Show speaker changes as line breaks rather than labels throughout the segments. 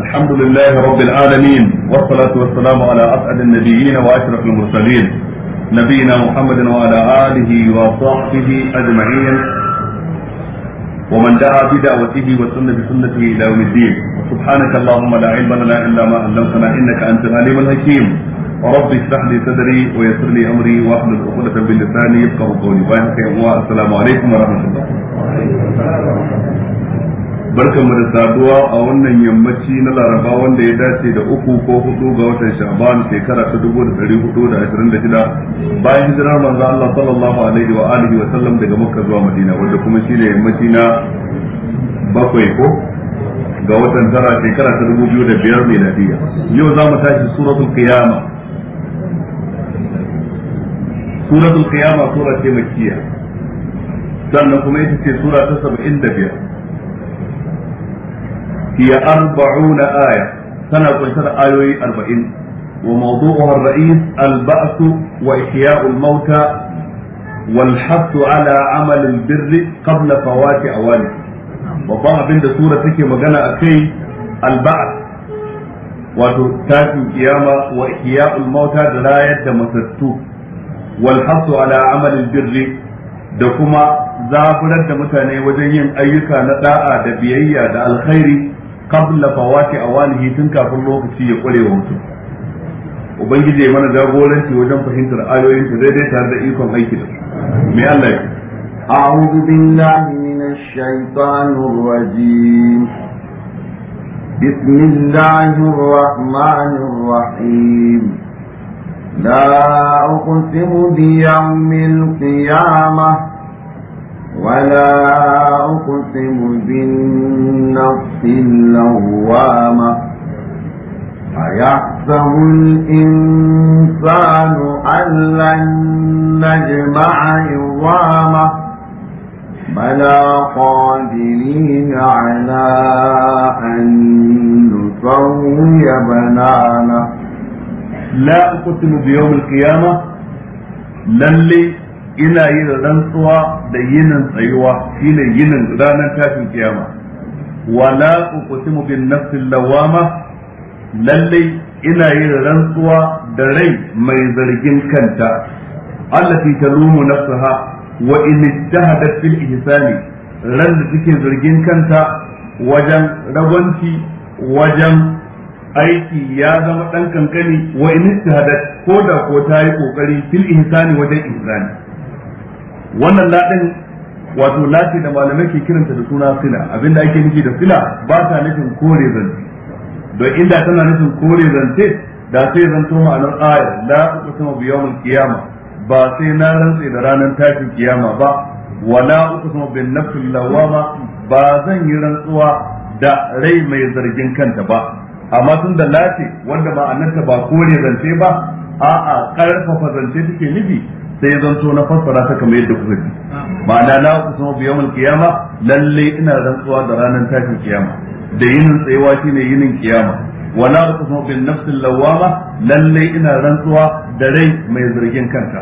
الحمد لله رب العالمين والصلاة والسلام على أسعد النبيين وأشرف المرسلين نبينا محمد وعلى آله وصحبه أجمعين ومن دعا بدعوته وسن بسنته إلى يوم الدين سبحانك اللهم لا علم لنا إلا ما علمتنا إنك أنت العليم الحكيم رب اشرح لي صدري ويسر لي امري واحلل عقدة من لساني يفقهوا قولي بايعك السلام عليكم ورحمة الله. barkan mu da saduwa a wannan yammaci na laraba wanda ya dace da uku ko hudu ga watan sha'ban shekara ta dubu da dari hudu da ashirin da shida bayan hijirar manzo Allah sallallahu alaihi wa alihi wa sallam daga makka zuwa madina wanda kuma shi ne yammaci na bakwai ko ga watan tara shekara ta dubu biyu da biyar mai lafiya yau za mu tashi suratul qiyama suratul qiyama sura ce makkiya sannan kuma ita ce sura ta saba'in da biyar hiya arba'una aya tana kunshe da ayoyi arba'in wa mawdu'uha ar-ra'is al-ba'th wa ihya'u al wal hadd ala amal al-birr qabla fawati awani babban da sura take magana a kai bath wato tashin kiyama wa da rayar da matattu wal hadd ala da kuma zaburar da mutane wajen yin ayyuka na da'a da biyayya da alkhairi Kafin qabla a wani tun kafin lokaci ya kware wa mutum ubangiji ya mana jagoranci wajen fahimtar ayoyin ta daidai tare da ikon aiki da su me Allah ya
a'udhu billahi minash shaitanir rajim bismillahir rahmanir rahim الرحيم لا أقسم بيوم القيامة ولا أقسم بالنفس اللوامة أيحسب الإنسان أن لن نجمع عظامه بلى قادرين على أن نسوي بنانه لا
أقسم بيوم القيامة للي ina yin rantsuwa da yinin tsayuwa shine yinin ranar tashin kiyama wala uqsimu bin nafsil lawama lalle ina yin rantsuwa da rai mai zargin kanta allati talumu nafsaha wa in ijtahadat fil ihsani ran da take zargin kanta wajen ragwanci wajen aiki ya zama dan kankani wa in ijtahadat ko da ko ta yi kokari fil ihsani wajen ihsani wannan ladin wato lati da malamai ke kiranta da suna sila abinda ake nufi da sila ba ta nufin kore zance don inda tana nufin kore zance da sai zanto ma'anar ayar la uqsimu biyar yawmil kiyama. ba sai na rantse da ranar tashin kiyama ba wala uqsimu bin nafsil lawama ba zan yi rantsuwa da rai mai zargin kanta ba amma tun da lati wanda ma'anarta ba kore zance ba a'a karfafa zance take nufi sai zanto na fassara ta kamar yadda kuka ji ma'ana la sama biyar yawmil kiyama lalle ina rantsuwa da ranar tashin kiyama da yinin tsayawa shine yinin kiyama wala kusa bin nafsil lawama lalle ina rantsuwa da rai mai zargin kanta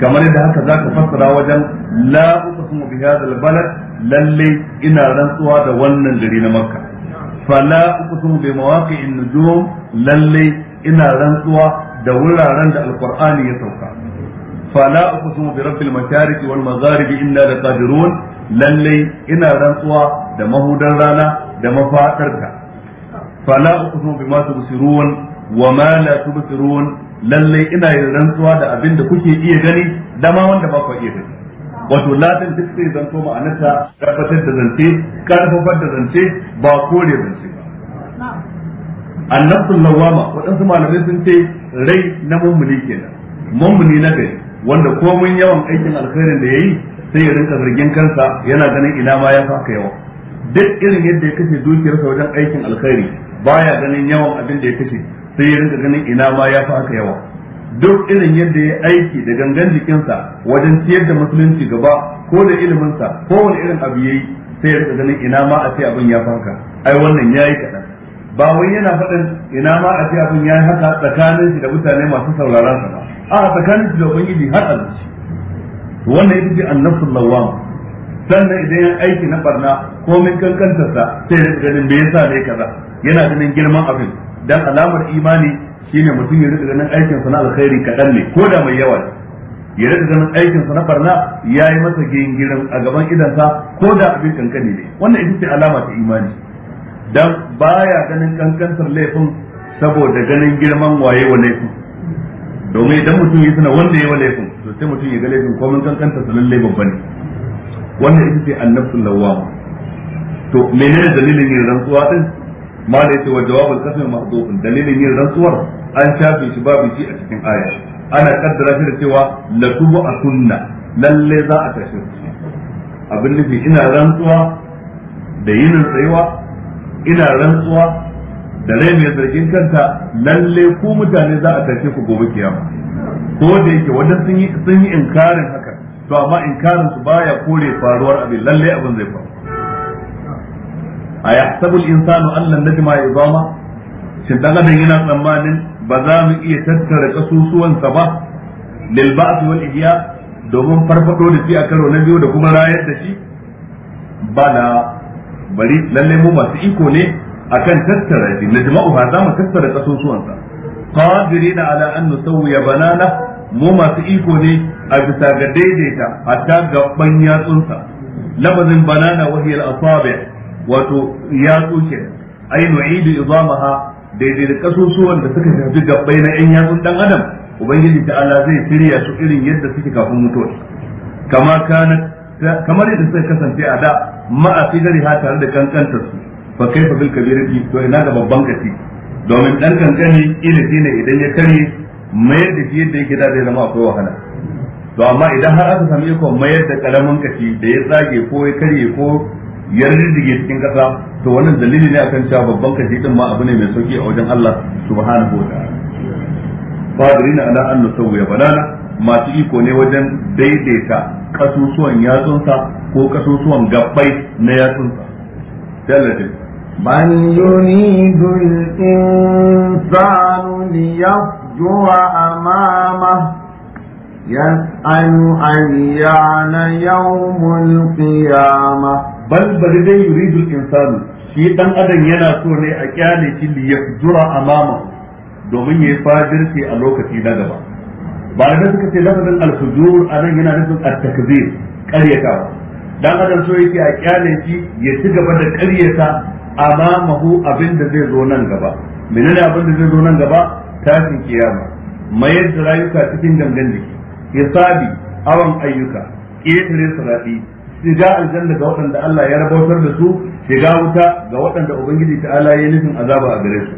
kamar yadda haka zaka fassara wajen la kusa bi hadal balad lalle ina rantsuwa da wannan gari na makka fala kusa bi mawaqi'in nujum lalle ina rantsuwa da wuraren da alqur'ani ya sauka fala uqsimu bi rabbil mashariqi wal magharibi inna laqadirun lalle ina rantsuwa da mahudan rana da mafadarta fala uqsimu bima tubsirun wa ma la tubsirun lalle ina rantsuwa da abinda kuke iya gani da ma iya gani wato latin duk sai zanto ma'anarsa tabbatar da zance karfafar da zance ba kore zance ba annabtul lawama waɗansu malamai sun ce rai na mummuni kenan mummuni na gari wanda komin yawan aikin alkhairin da yayi sai ya rinka zargin kansa yana ganin ina ma ya faka yawa duk irin yadda ya kashe dukiyarsa wajen aikin alkhairi baya ganin yawan abin da ya kashe sai ya rinka ganin ina ma ya faka yawa duk irin yadda ya aiki da gangan jikinsa wajen ciyar da musulunci gaba ko da iliminsa ko wani irin abu yayi sai ya rinka ganin ina ma a ce abin ya faka ai wannan yayi kaɗan ba wai yana faɗin ina ma a ce abin ya yi haka tsakanin shi da mutane masu sauraron sa ba a tsakanin su da ubangiji har a zuci wannan ita ce annafsu lawan sannan idan ya aiki na barna ko min kankantarsa sai ya ganin me yasa ne kaza yana ganin girman abin dan alamar imani shine mutum ya rika ganin aikinsa na alkhairi kadan ne ko da mai yawa ne ya rika ganin aikinsa na barna yayi yi masa gingirin a gaban idansa ko da abin kankani ne wannan ita ce alama ta imani dan baya ganin kankantar laifin saboda ganin girman waye wa laifin domin idan mutum yi suna wanda ya wa laifin to sai mutum ya ga laifin komai kankanta su lalle babba ne wannan ita ce annabtu lawwam to menene dalilin yin rantsuwa din ma da yace wa jawabul qasmi mahdhufun dalilin yin rantsuwar an shafe shi babu shi a cikin aya ana kaddara shi da cewa latubu asunna lalle za a tashi abin nufi ina rantsuwa da yin tsayuwa ina rantsuwa da rai mai zargin kanta lalle ku mutane za a tashe ku gobe kiyama ko da yake wannan sun yi sun yi inkarin haka to amma inkarin su baya kore faruwar abin lalle abin zai faru a yahsabu al-insanu an lam najma idama shin dan adam yana tsammanin ba za mu iya tattara kasusuwan sa ba lil ba'th wal ihya domin farfado da shi a karo na biyu da kuma rayar da shi bala bari lalle mu masu iko ne akan tattara shi na jama'u za mu tattara kasusuwansa qadirin ala an nusawwi banana mu masu iko ne a bisa ga daidaita hatta ban yatsunsa labazin banana wahiyar asabi wato yatsu ke ai nu'idu idamaha daidai da kasusuwan da suka shafi gabbai na yan yatsun dan adam ubangiji ta Allah zai shirya su irin yadda suke kafin mutuwa kamar kana kamar yadda suka kasance a da ma'a ha tare da kankantar su fa kaifa bil kabirati to ina ga babban kaci domin dan kankani kila ne idan ya kare mayar da shi yadda yake da zai zama akwai wahala to amma idan har aka sami iko mayar da karamin kaci da ya tsage ko ya karye ko ya rindige cikin kasa to wannan dalili ne akan cewa babban kaci din ma abu ne mai sauki a wajen Allah subhanahu wa ta'ala fadirina ala an nusawwiya banana masu iko ne wajen daidaita kasusuwan yatsunsa ko kasusuwan gabbai
na yatsunsa sai بل يريد الإنسان ليفجر أمامه يسأل أيان يوم القيامة بل بل يريد الإنسان shi dan adam yana
so ne a kyale shi li yafjura amama domin yayi fajirci a lokaci na gaba ba da suka ce lafazin al-fujur anan yana nufin at-takzir ƙaryatawa dan adam so yake a kyale shi ya ci gaba da ƙaryata amamahu abin da zai zo nan gaba menene abin da zai zo nan gaba tashin kiyama mayar da rayuka cikin gangan jiki hisabi awan ayyuka ƙetare sarafi shiga aljanna ga waɗanda Allah ya rabautar da su shiga wuta ga waɗanda ubangiji ta ala ya nufin azaba a gare su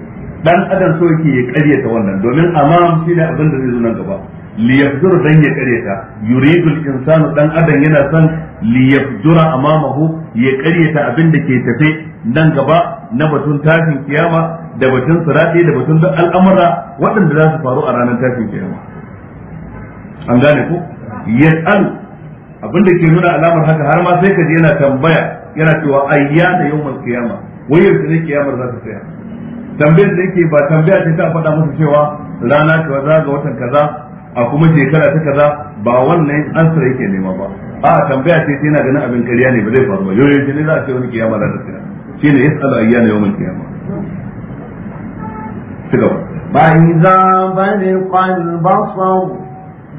dan adam so yake ya ƙaryata wannan domin amam shi ne abin da zai zo nan gaba liyafzura dan ya ƙaryata yuridul insanu dan adam yana son liyafzura amamahu ya ƙaryata abin da ke tafe nan gaba na batun tashin kiyama da batun sirati da batun al'amara al'amura waɗanda za su faru a ranar tashin kiyama an gane ko yas'alu da ke nuna alamar haka har ma sai ka je yana tambaya yana cewa ayyana yawmal kiyama wayar ne kiyamar za ta tsaya tambayar da yake ba tambaya ce ta faɗa musu cewa rana kaza ga watan kaza a kuma shekara ta kaza ba wannan ansar yake nema ba a tambaya ce yana ganin abin kariya ne ba zai faru ba yau yau ne za a ce wani kiyama za ta tsaya shine ya tsala iya na yawon kiyama shigaba
ba yi za ba ne kwanin ba sau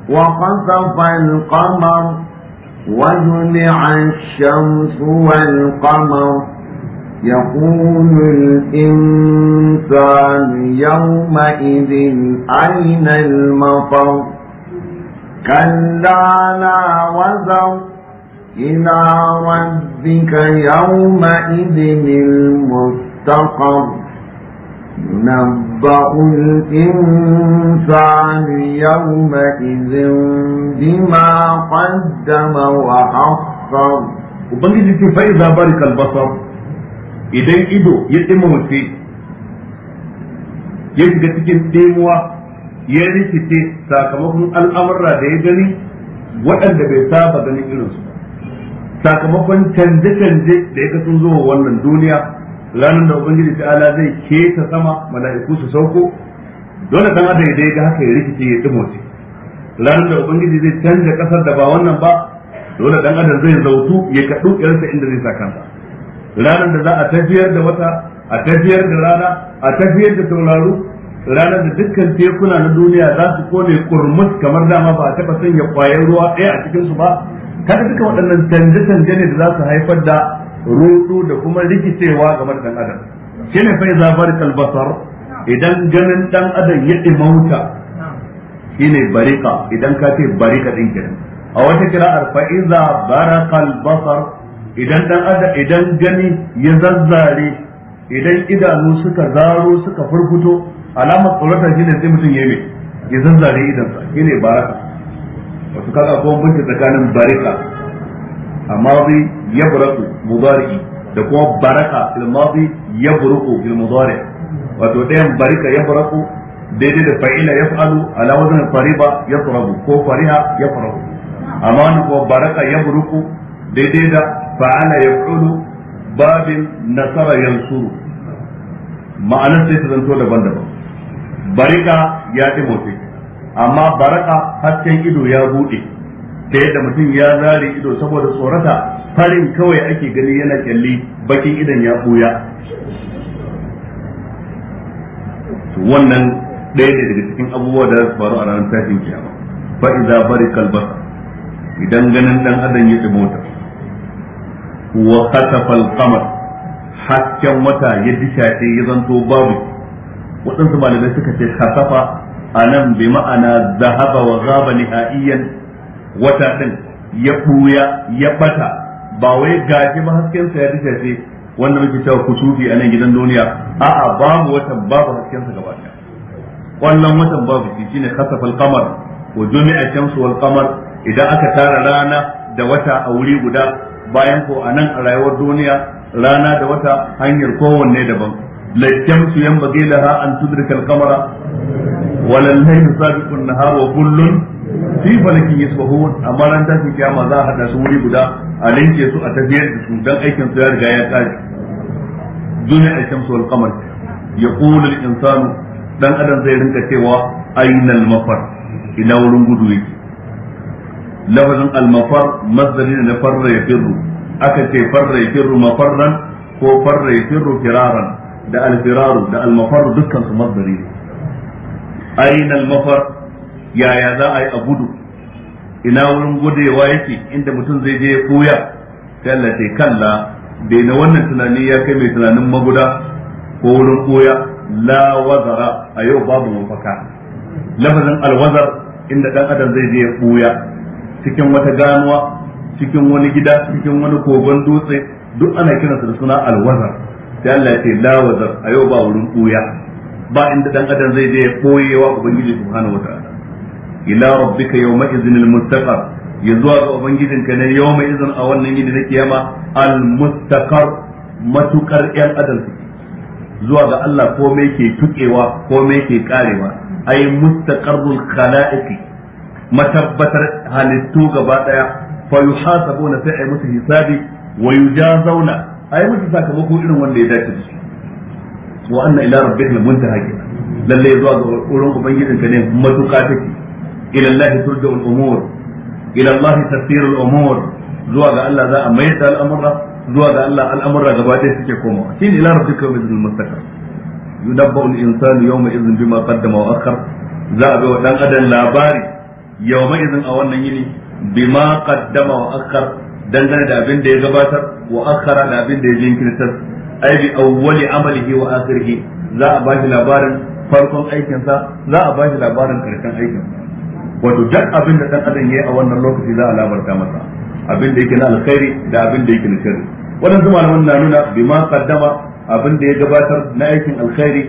wa kwanta kwanin kwanma wajen ne an shamsu wani kwanma ya kunin insa yau ma izin ainihin mafan kan dana wazan إلى ربك يومئذ المستقر ينبأ الإنسان يومئذ بما قدم وأخر Ubangiji ce fa iza barika albasar idan ido ya tsimmace
ya shiga cikin tsemuwa ya rikice sakamakon al'amurra da ya gani waɗanda bai saba ganin irinsu sakamakon canje-canje da ya kaso zuwa wannan duniya ranar da ubangiji ta'ala zai ta sama mala'iku su sauko dole dan adam idan ga haka ya rikice ya dimoce ranar da ubangiji zai canja kasar da ba wannan ba dole dan adam zai zautu ya kadu yarsa inda zai sa kansa ranar da za a tafiyar da wata a tafiyar da rana a tafiyar da tauraro ranar da dukkan tekuna na duniya za su kone kurmus kamar dama ba a taba sanya kwayar ruwa ɗaya a cikinsu ba kada duka waɗannan canje-canje ne da za su haifar da rudu da kuma rikicewa ga da dan adam shi ne fai zafar kalbasar idan ganin dan adam ya Shi ne barika idan ka ce barika din kenan a wata kira'ar za a bara kalbasar? idan dan adam idan gani ya zazzare idan idanu suka zaro suka furfuto alamar shi ne sai mutum ya yi ya zazzare idansa shi ne baraka wato kaga ko bunta tsakanin barika al-madi yabraqu mudari da kuma baraka al-madi yabruqu fil mudari wato dayan barika yabraqu daidai da fa'ila yaf'alu ala wazn fariba yasrabu ko fariha yafrahu amma wannan ko baraka yabruqu daidai da fa'ala yaf'alu babin nasara yansuru ma'anar sai ta zanto daban-daban barika ya ɗi motsi amma baraka hasken ido ya bude da yadda mutum ya zare ido saboda tsorata farin kawai ake gani yana kyalli bakin idan ya buya wannan ɗaya ne daga cikin abubuwa da su faru a ranar tashin kiyama fa iza bari albasa idan ganin dan adam ya mota wa khatafa hasken wata ya dishace ya zanto babu waɗansu malamai suka ce kasafa. anan bi ma'ana zahaba wa zaba nihaiyan wata din ya buya ya bata ba wai gashi hasken sa ya dace wanda muke cewa kusufi a gidan duniya a'a babu watan babu hasken sa gaba ɗaya wannan watan babu shi shine kasafal qamar wa jumi'a shamsu wal idan aka tara rana da wata a wuri guda bayan ko a nan a rayuwar duniya rana da wata hanyar kowanne daban la shamsu yanbaghi laha an tudrika al-qamara wa la al-laylu sabiqu an-nahar wa kullun fi falakin yasbahun amma ran tafi kiyama za a hada su wuri guda a linke su a tafiyar da su dan aikin su ya riga ya kare duniya al-shamsu wal-qamar yaqulu al-insanu dan adam zai rinka cewa ainal mafar ina wurin gudu yake lafazin al-mafar masdari ne na farra ya firru aka ce farra ya firru mafarran ko farra ya firru firaran da alfiraru da almafar dukkan su mazdari ne aina almafar yaya za a yi a gudu ina wurin gudewa yake inda mutum zai je ya koya sai Allah sai kalla bai na wannan tunani ya kai mai tunanin maguda ko wurin koya la wazara a yau babu mafaka lafazin alwazar inda dan adam zai je ya koya cikin wata ganuwa cikin wani gida cikin wani kogon dutse duk ana kiransa da suna alwazar sai Allah ya ce la wazar a yau ba wurin ɓuya ba inda dan adam zai je koyewa ubangiji subhanahu wataala ila rabbika yawma idhinil mustaqar ya zuwa ga ubangijin ka ne yawma idhin a wannan yini na kiyama al mustaqar matukar yan adam zuwa ga Allah komai ke tukewa komai ke karewa ay mustaqarrul khalaiqi matabbatar halittu gaba ɗaya fa yuhasabuna sai ay musu hisabi wa yujazawna a yi musu sakamako irin wanda ya dace da su wa anna ila rabbihil muntaha lalle zuwa ga wurin ubangijin ka ne matuƙa take ila Allah turja'ul umur ila Allah tasirul umur zuwa ga Allah za a mai da al'amura zuwa ga Allah al'amura gaba ɗaya suke komawa shine ila rabbika bil mustaqar yudabbu al insanu yawma idhin bima qaddama wa akhar za a wa dan adam labari yawma idhin a wannan yini bima qaddama wa akhar dangane da abin da ya gabatar wa akhara da abin da ya jinkirtar ai bi awwali amalihi wa akhirihi za a bashi labarin farkon aikinsa za a bashi labarin karshen aikin, wato duk abin da dan adam yayi a wannan lokaci za a labarta masa abin da yake na alkhairi da abin da yake na sharri wadansu malamin na nuna bi ma qaddama abin da ya gabatar na aikin alkhairi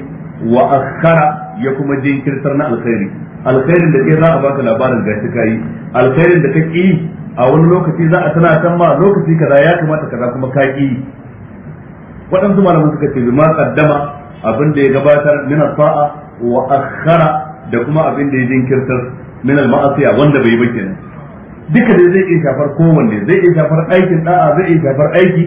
wa akhara ya kuma jinkirtar na alkhairi alkhairin da ke za a baka labarin gashi kai alkhairin da kake yi a wani lokaci za a tana san ma lokaci kaza ya kamata kaza kuma ka ki waɗansu malaman suka ce bima kaddama abin da ya gabatar min sa'a wa akhara da kuma abin da ya jinkirtar min al wanda bai ba kenan duka dai zai iya shafar kowanne zai iya shafar aikin da'a zai iya shafar aiki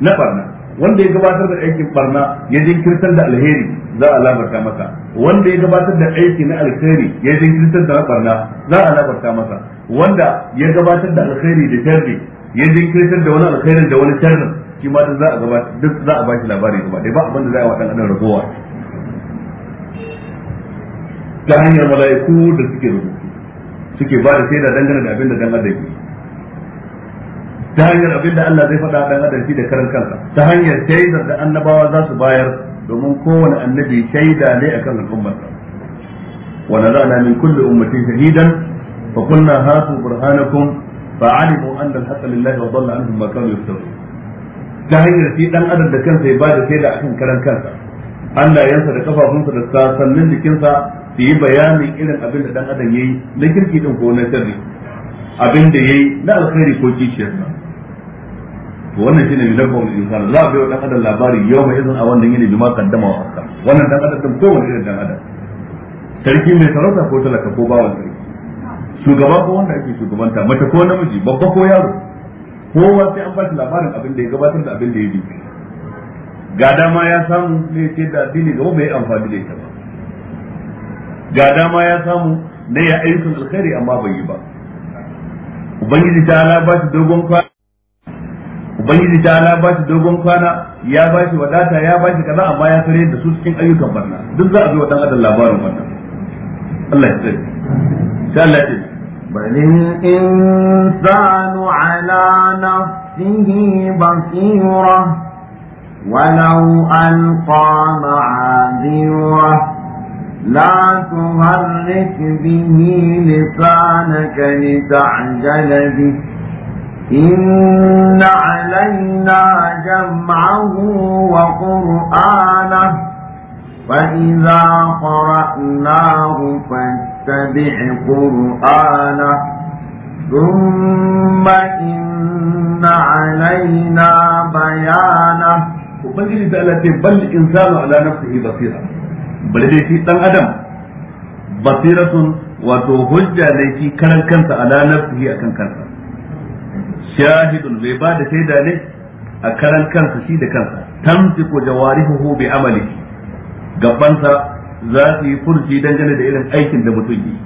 na barna wanda ya gabatar da aikin barna ya jinkirtar da alheri za a labarta masa wanda ya gabatar da aiki na alheri ya jinkirtar da barna za a labarta masa wanda ya gabatar da alkhairi da sharri ya jinkirtar da wani alkhairin da wani sharrin shi ma za a gabatar duk za a bashi labari gaba dai ba abin da za a wa dan adam ragowa ta hanyar mala'iku da suke rubutu suke ba da shaida dangane da abin da dan adam ta hanyar abin da Allah zai faɗa dan adam shi da karan kansa ta hanyar shaidar da annabawa za su bayar domin kowane annabi shaida ne akan al'ummarsa wa nazana min kulli ummatin shahidan فقلنا هاتوا برهانكم فعلموا أن الحق لله وضل عنهم ما كانوا يفترون ta hanyar shi dan adam da kansa ya bada shaida akan karan kansa Allah yansa da kafafunsa da sassanin jikinsa su yi bayanin irin abin da dan adam yayi na kirki din ko na sirri abin da yayi na alkhairi ko kishiyarsa wannan shine milakum insani za a bai wa dan adam labari yau mai izin a wannan yini bi ma kaddama wa wannan dan adam din kowane irin dan adam sarki mai sarauta ko talaka ko bawan sarki shugaba ko wanda ake shugabanta mace ko namiji babba ko yaro kowa sai an bashi labarin abin da ya gabatar da abin da ya bi ga dama ya samu ne ce da addini gaba bai amfani da ita ba ga dama ya samu na ya ayyukan alkhairi amma bai yi ba ubangiji ta ala ba shi dogon kwana ubangiji ta ala ba shi dogon kwana ya ba shi wadata ya ba shi kaza amma ya sare
da su cikin ayyukan barna duk za a bi wa dan adam labarin wannan Allah ya tsare sha Allah ya tsare بل الإنسان على نفسه بصيرة ولو ألقى معاذيره لا تهرك به لسانك لتعجل به إن علينا جمعه وقرآنه فإذا قرأناه فاتبع قرآنه ثم إن علينا بيانه Ubangiji da Allah ce bal insanu ala
nafsihi basira bal dai shi dan adam basiratun wato hujja ne shi karan kansa ala nafsihi akan kansa shahidun bai ba da shaida ne a karan kansa shi da kansa tamtiku jawarihuhu bi amali gabansa za su yi furci dangane da irin aikin da mutum yi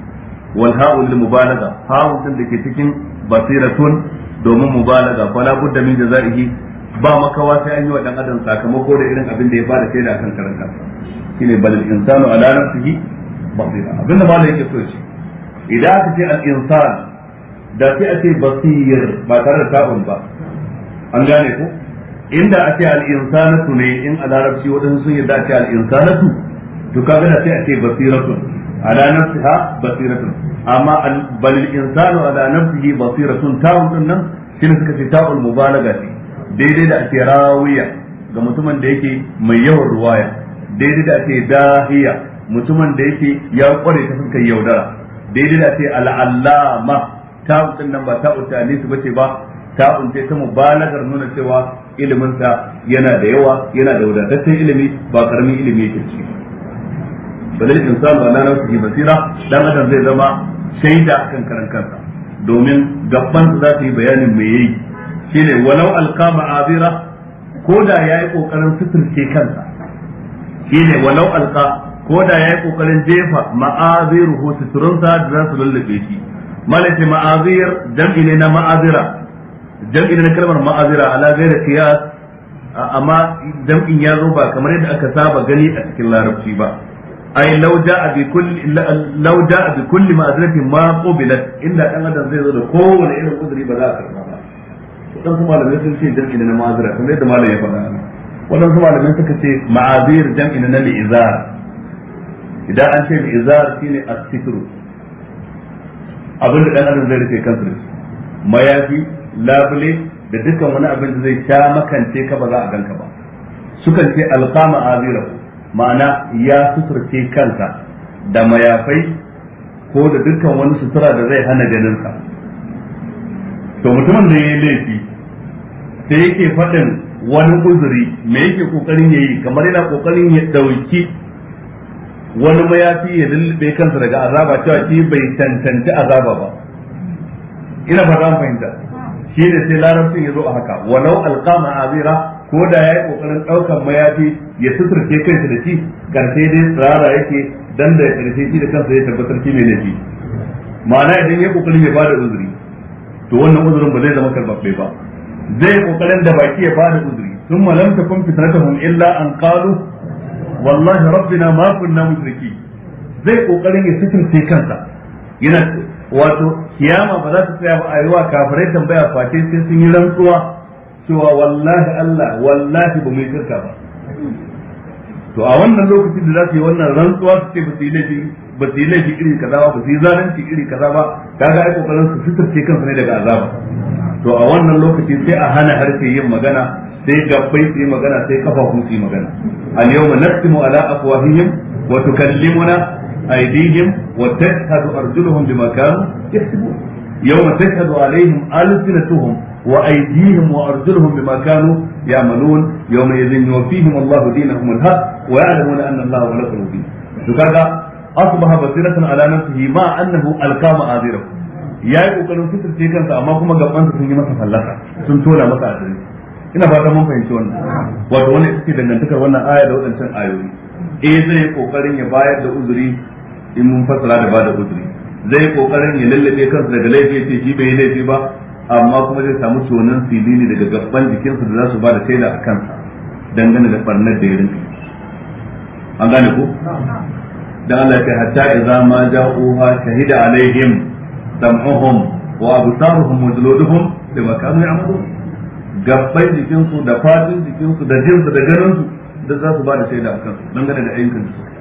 wal ha'ul mubalaga ha'ul din da ke cikin basiratun domin mubalaga la budda min jazaihi ba makawa sai an yi wa dan adam sakamako da irin abin da ya fara sai da akan karanta shine bal insanu ala nafsihi basira abinda ba ne yake so shi idan aka ce al insan da sai a ce basir ba tare da ta'un ba an gane ko inda a ce al'insanatu ne in a larabci waɗansu sun yadda a ce al'insanatu to kaga da sai a basiratu ala nafsiha basiratu amma balil insanu ala nafsihi basiratu ta'un din nan shi ne suka ce ta'ul mubalaga ce daidai da ake rawiya ga mutumin da yake mai yawan ruwaya daidai da ake dahiya mutumin da yake ya kware ta fuskar yaudara daidai da ake al'allama ta'un din nan ba ta'un ta ba ce ba ta'un ce ta mubalagar nuna cewa ilimin sa yana da yawa yana da wadataccen ilimi ba karamin ilimi yake ci balal insanu ala nafsihi basira dan adam zai zama shaida akan karan kansa domin gaban za su yi bayanin me yayi shine walau alqama azira ko da yayi kokarin fitirce kansa shine walau alqa ko da yayi kokarin jefa ma'aziru ma'aziruhu suturunsa da za su lullube shi malaka ma'azir jam'i ne na ma'azira jam'i na kalmar ma'azira ala ghairi qiyas amma jam'in ya zo ba kamar yadda aka saba gani a cikin larabci ba ai law ja'a bi kulli law ja'a bi kulli ma'azratin ma qubilat illa dan adam zai zo da kowane irin kudiri ba za a karba ba wadansu malamin sun ce jam'i na ma'azira kamar yadda malamin ya faɗa wadansu malamin suka ce ma'azir jam'i na li'izar idan an ce li'izar shine as-sitru abin da dan adam zai rufe kansa da shi mayafi labule da dukkan wani abin da zai sha makance ka ba za a ganka ba sukan ce alqama azira ma'ana ya suturce kansa da mayafai ko da dukkan wani sutura da zai hana ganin ka. to mutumin da ya yi laifi sai yake faɗin wani uzuri me yake kokarin yayi kamar yana kokarin ya dauki wani mayafi ya lullube kansa daga azaba cewa shi bai tantance azaba ba ina fata fahimta shi ne sai larabcin ya zo a haka walau alqama azira ko da ya yi kokarin ɗaukar mayafi ya suturce kansa da shi karshe dai tsara yake dan da karshe shi da kansa ya tabbatar shi mai shi ma'ana idan ya kokarin ya bada uzuri to wannan uzurin ba zai zama karbabbe ba zai kokarin da baki ya bada uzuri sun malam ta kun fitnatuhum illa an qalu wallahi rabbina ma kunna mushriki zai kokarin ya suturce kansa yana wato kiyama ba za ta tsaya ba a yi wa kafirai tambaya face sai sun yi rantsuwa cewa wallahi Allah wallahi ba mu yi shirka ba to a wannan lokacin da za su yi wannan rantsuwa su ce ba su yi laifi iri kaza ba ba su yi zalunci iri kaza ba kaga ai kokarin su fitar ce kansu ne daga azaba to a wannan lokaci sai a hana harshe yin magana sai gabbai su yi magana sai kafafu su yi magana al yawma naqtimu ala afwahihim wa tukallimuna أيديهم وتشهد أرجلهم بما كانوا يكسبون يوم تشهد عليهم ألسنتهم وأيديهم وأرجلهم بما كانوا يعملون يومئذ يوفيهم الله دينهم الحق ويعلمون أن الله هو الذي فكذا أصبح بصيرة على نفسه مع أنه ألقى معاذيره ya yi kokarin fitar ce kansa amma kuma gabansa sun yi masa fallasa sun tona masa asiri ina fata mun fahimci wannan wato wannan ita dangantakar wannan aya da waɗancan ayoyi eh zai kokarin ya bayar da uzuri in mun fassara da bada uzuri zai kokarin ya lallabe kansa daga laifi ce shi bai laifi ba amma kuma zai samu tonan silili daga gaban jikinsa da za su bada shaida a kansa dangane da farnar da ya rinka an gane ku dan Allah ya hatta idza ma ja'uha shahida alaihim sam'uhum wa absaruhum wa juluduhum bima kanu ya'malun gabbai jikinsu da fatin jikinsu da jinsu da ganinsu da za su bada shaida a kansu dangane da ayyukan su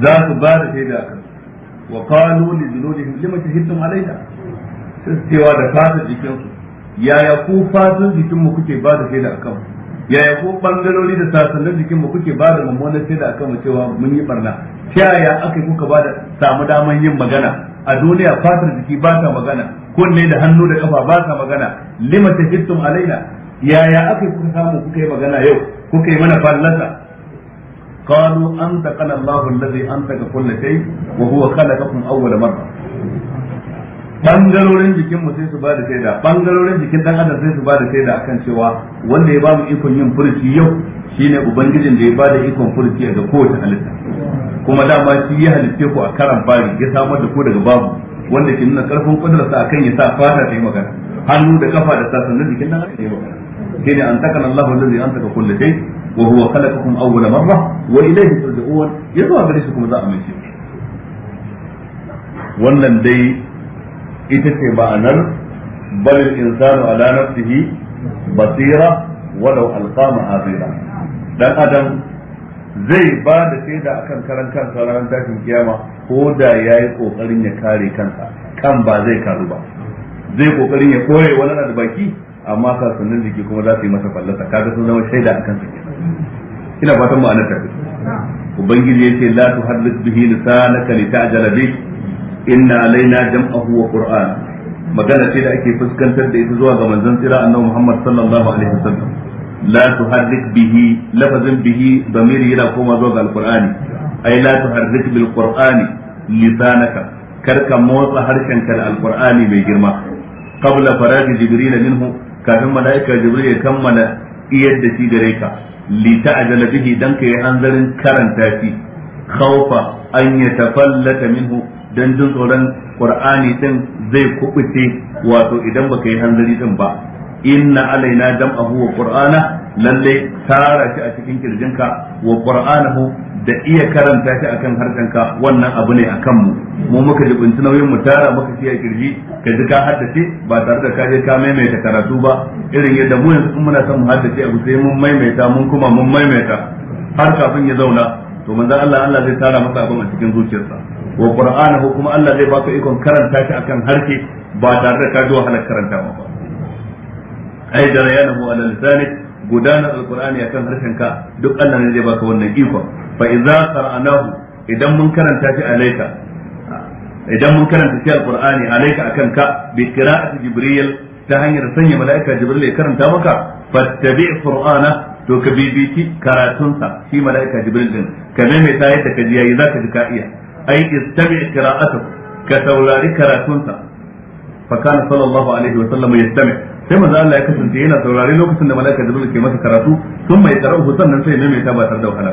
za su ba da shaida kan wa qalu li junudihim lima shahidtum alaina su cewa da fasa jikinsu yaya ku fatar jikin kuke ba da shaida kan? yaya ko bangarori da sassanin jikinmu kuke ba da mummunan shaida akan mu cewa mun yi barna ta yaya aka kuka ba da samu daman yin magana a duniya fasar jiki ba ta magana kunne da hannu da kafa ba ta magana lima hittun alaina yaya aka kuka samu kuka yi magana yau kuka yi mana fallasa قالوا قال الله الذي أنطق كل شيء وهو خلقكم أول مرة bangarorin jikin mu sai su ba da shaida bangarorin jikin dan adam sai su ba da shaida akan cewa wanda ya ba mu ikon yin furuci yau shine ubangijin da ya ba da ikon furuci ga kowace halitta kuma dama shi ya halitte ku a karan bari ya samar da ku daga babu wanda ke nuna karfin kudurarsa akan ya sa fata ta yi magana hannu da kafa da sassan jikin dan adam ya yi magana shine an takana Allahu allazi an taka kullu shay wa huwa khalaqakum awwala marra wa ilayhi turja'un yazo gare shi kuma za a mai wannan dai ita ce ma'anar bal insanu ala nafsihi basira walau alqa ma'azira dan adam zai ba da shaida akan karan kansa ranar tashin kiyama ko da yi kokarin ya kare kansa kan ba zai karu ba zai kokarin ya koye wani da amma sassanin jiki kuma za su yi masa fallasa kaga sun zama shaida a kansa ina fatan ma'ana ta ubangiji yace la tuhaddith bihi lisanaka litajala bi inna alaina jam'ahu wa qur'an magana ce da ake fuskantar da ita zuwa ga manzon tsira annabi Muhammad sallallahu alaihi wasallam la tuhaddith bihi lafazin bihi damiri yana koma zuwa ga alqur'ani ai la tuhaddith bil qur'ani lisanaka ka motsa harshenka da alqur'ani mai girma qabla faraji jibril minhu kafin mala'ika jibril ya kammala iyar da shi gare ka li ta'jala bihi dan ka yi hanzarin karanta shi khawfa an yatafallata minhu dan jin tsoron qur'ani din zai kubuce wato idan baka yi hanzari din ba inna alaina jam'ahu wa qur'ana lalle tara shi a cikin kirjinka wa qur'anahu da iya karanta shi akan ka wannan abu ne akan mu mu muka bunci nauyin mu tara muka shi a kirji ka ji ka haddace ba tare da ka je ka maimaita karatu ba irin yadda mu yanzu muna son mu haddace abu sai mun maimaita mun kuma mun maimaita har kafin ya zauna to manzon Allah Allah zai tara masa abin a cikin zuciyarsa wa qur'anahu kuma Allah zai baka ikon karanta shi akan harke ba tare da ka ji wahalar karanta ba ai da rayanahu ala lisanik gudanar alqur'ani akan harshen ka duk Allah ne zai baka wannan iko fa idza qara'nahu idan mun karanta shi alaika idan mun karanta shi alqur'ani alaika akan ka bi qira'ati jibril ta hanyar sanya mala'ika jibril ya karanta maka fattabi qur'ana to ka bibiti karatunsa shi mala'ika jibril din ka mai ta yadda ka ji yayi zaka ji ka iya ai istabi qira'atuhu ka saurari karatunsa fa kana sallallahu alaihi wa sallam yastami' sai manzo Allah ya kasance yana saurare lokacin da malaika da ke masa karatu sun mai karatu sannan sai ne mai ta ba tare da wahala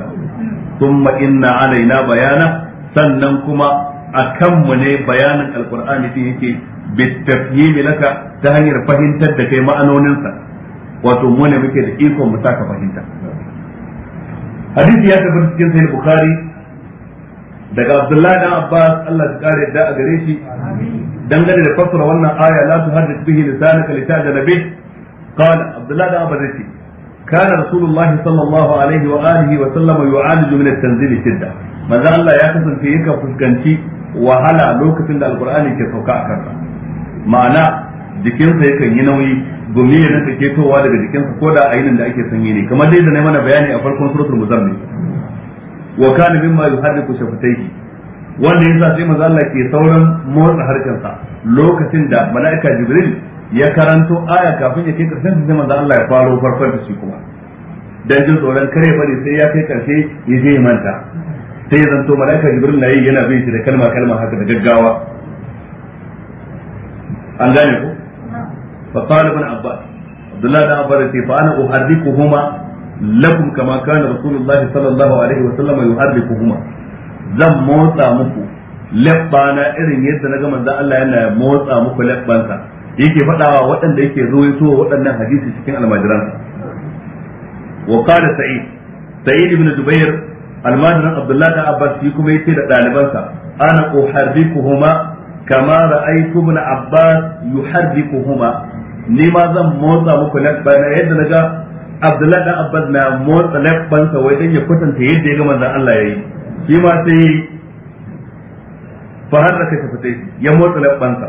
thumma inna alaina bayana sannan kuma akan mu ne bayanin alkur'ani din yake bitafhimi laka ta hanyar fahimtar da kai ma'anoninsa wato mu ne muke da ikon mu saka fahimta hadisi ya tabbata cikin sahih bukhari daga abdullahi dan abbas Allah ya kare da a gare shi dangane da fassara wannan aya la tuhaddith bihi lisanaka litajala bih qala abdullah da abadati kana rasulullah sallallahu alaihi wa alihi wa sallam yu'alij min at-tanzil shidda manzo Allah ya kasance yaka fuskanci wahala lokacin da alqur'ani ke sauka a kansa ma'ana jikinsa yakan yi nauyi gumi ya nasa ketowa daga jikinsa ko da ainin da ake sanyi ne kamar dai da na mana bayani a farkon suratul muzammil wa kana mimma yuhaddiku shafatayhi wanda yasa sai manzo Allah ke sauran motsa harkarsa lokacin da mala'ika Jibril ya karanto aya kafin ya kai karshen sai manzo Allah ya faro farkon da shi kuma dan jin tsoron kare bari sai ya kai karshe ya je manta sai ya zanto mala'ika Jibril na yi yana bin shi da kalma kalma haka da gaggawa an gane ko fa qala ibn abbas Abdullahi da abbas sai fa ana uhaddikuhuma lakum kama kana rasulullahi sallallahu alaihi wa sallam yuhaddikuhuma zan motsa muku labba na irin yadda na ga manzon Allah yana motsa muku labbansa yake faɗawa waɗanda yake ruwaito waɗannan hadisi cikin almajiransa wa qala sa'id sa'id ibn jubair almajiran abdullahi da abbas shi kuma yake da ɗalibansa ana uharrikuhuma kama ra'aytu ibn abbas yuharrikuhuma ni ma zan motsa muku labbana yadda na ga abdullahi da abbas na motsa labbansa wai dan ya kwatanta yadda ya ga manzon Allah yayi shi ma sai fa fita shi ya motsa labbansa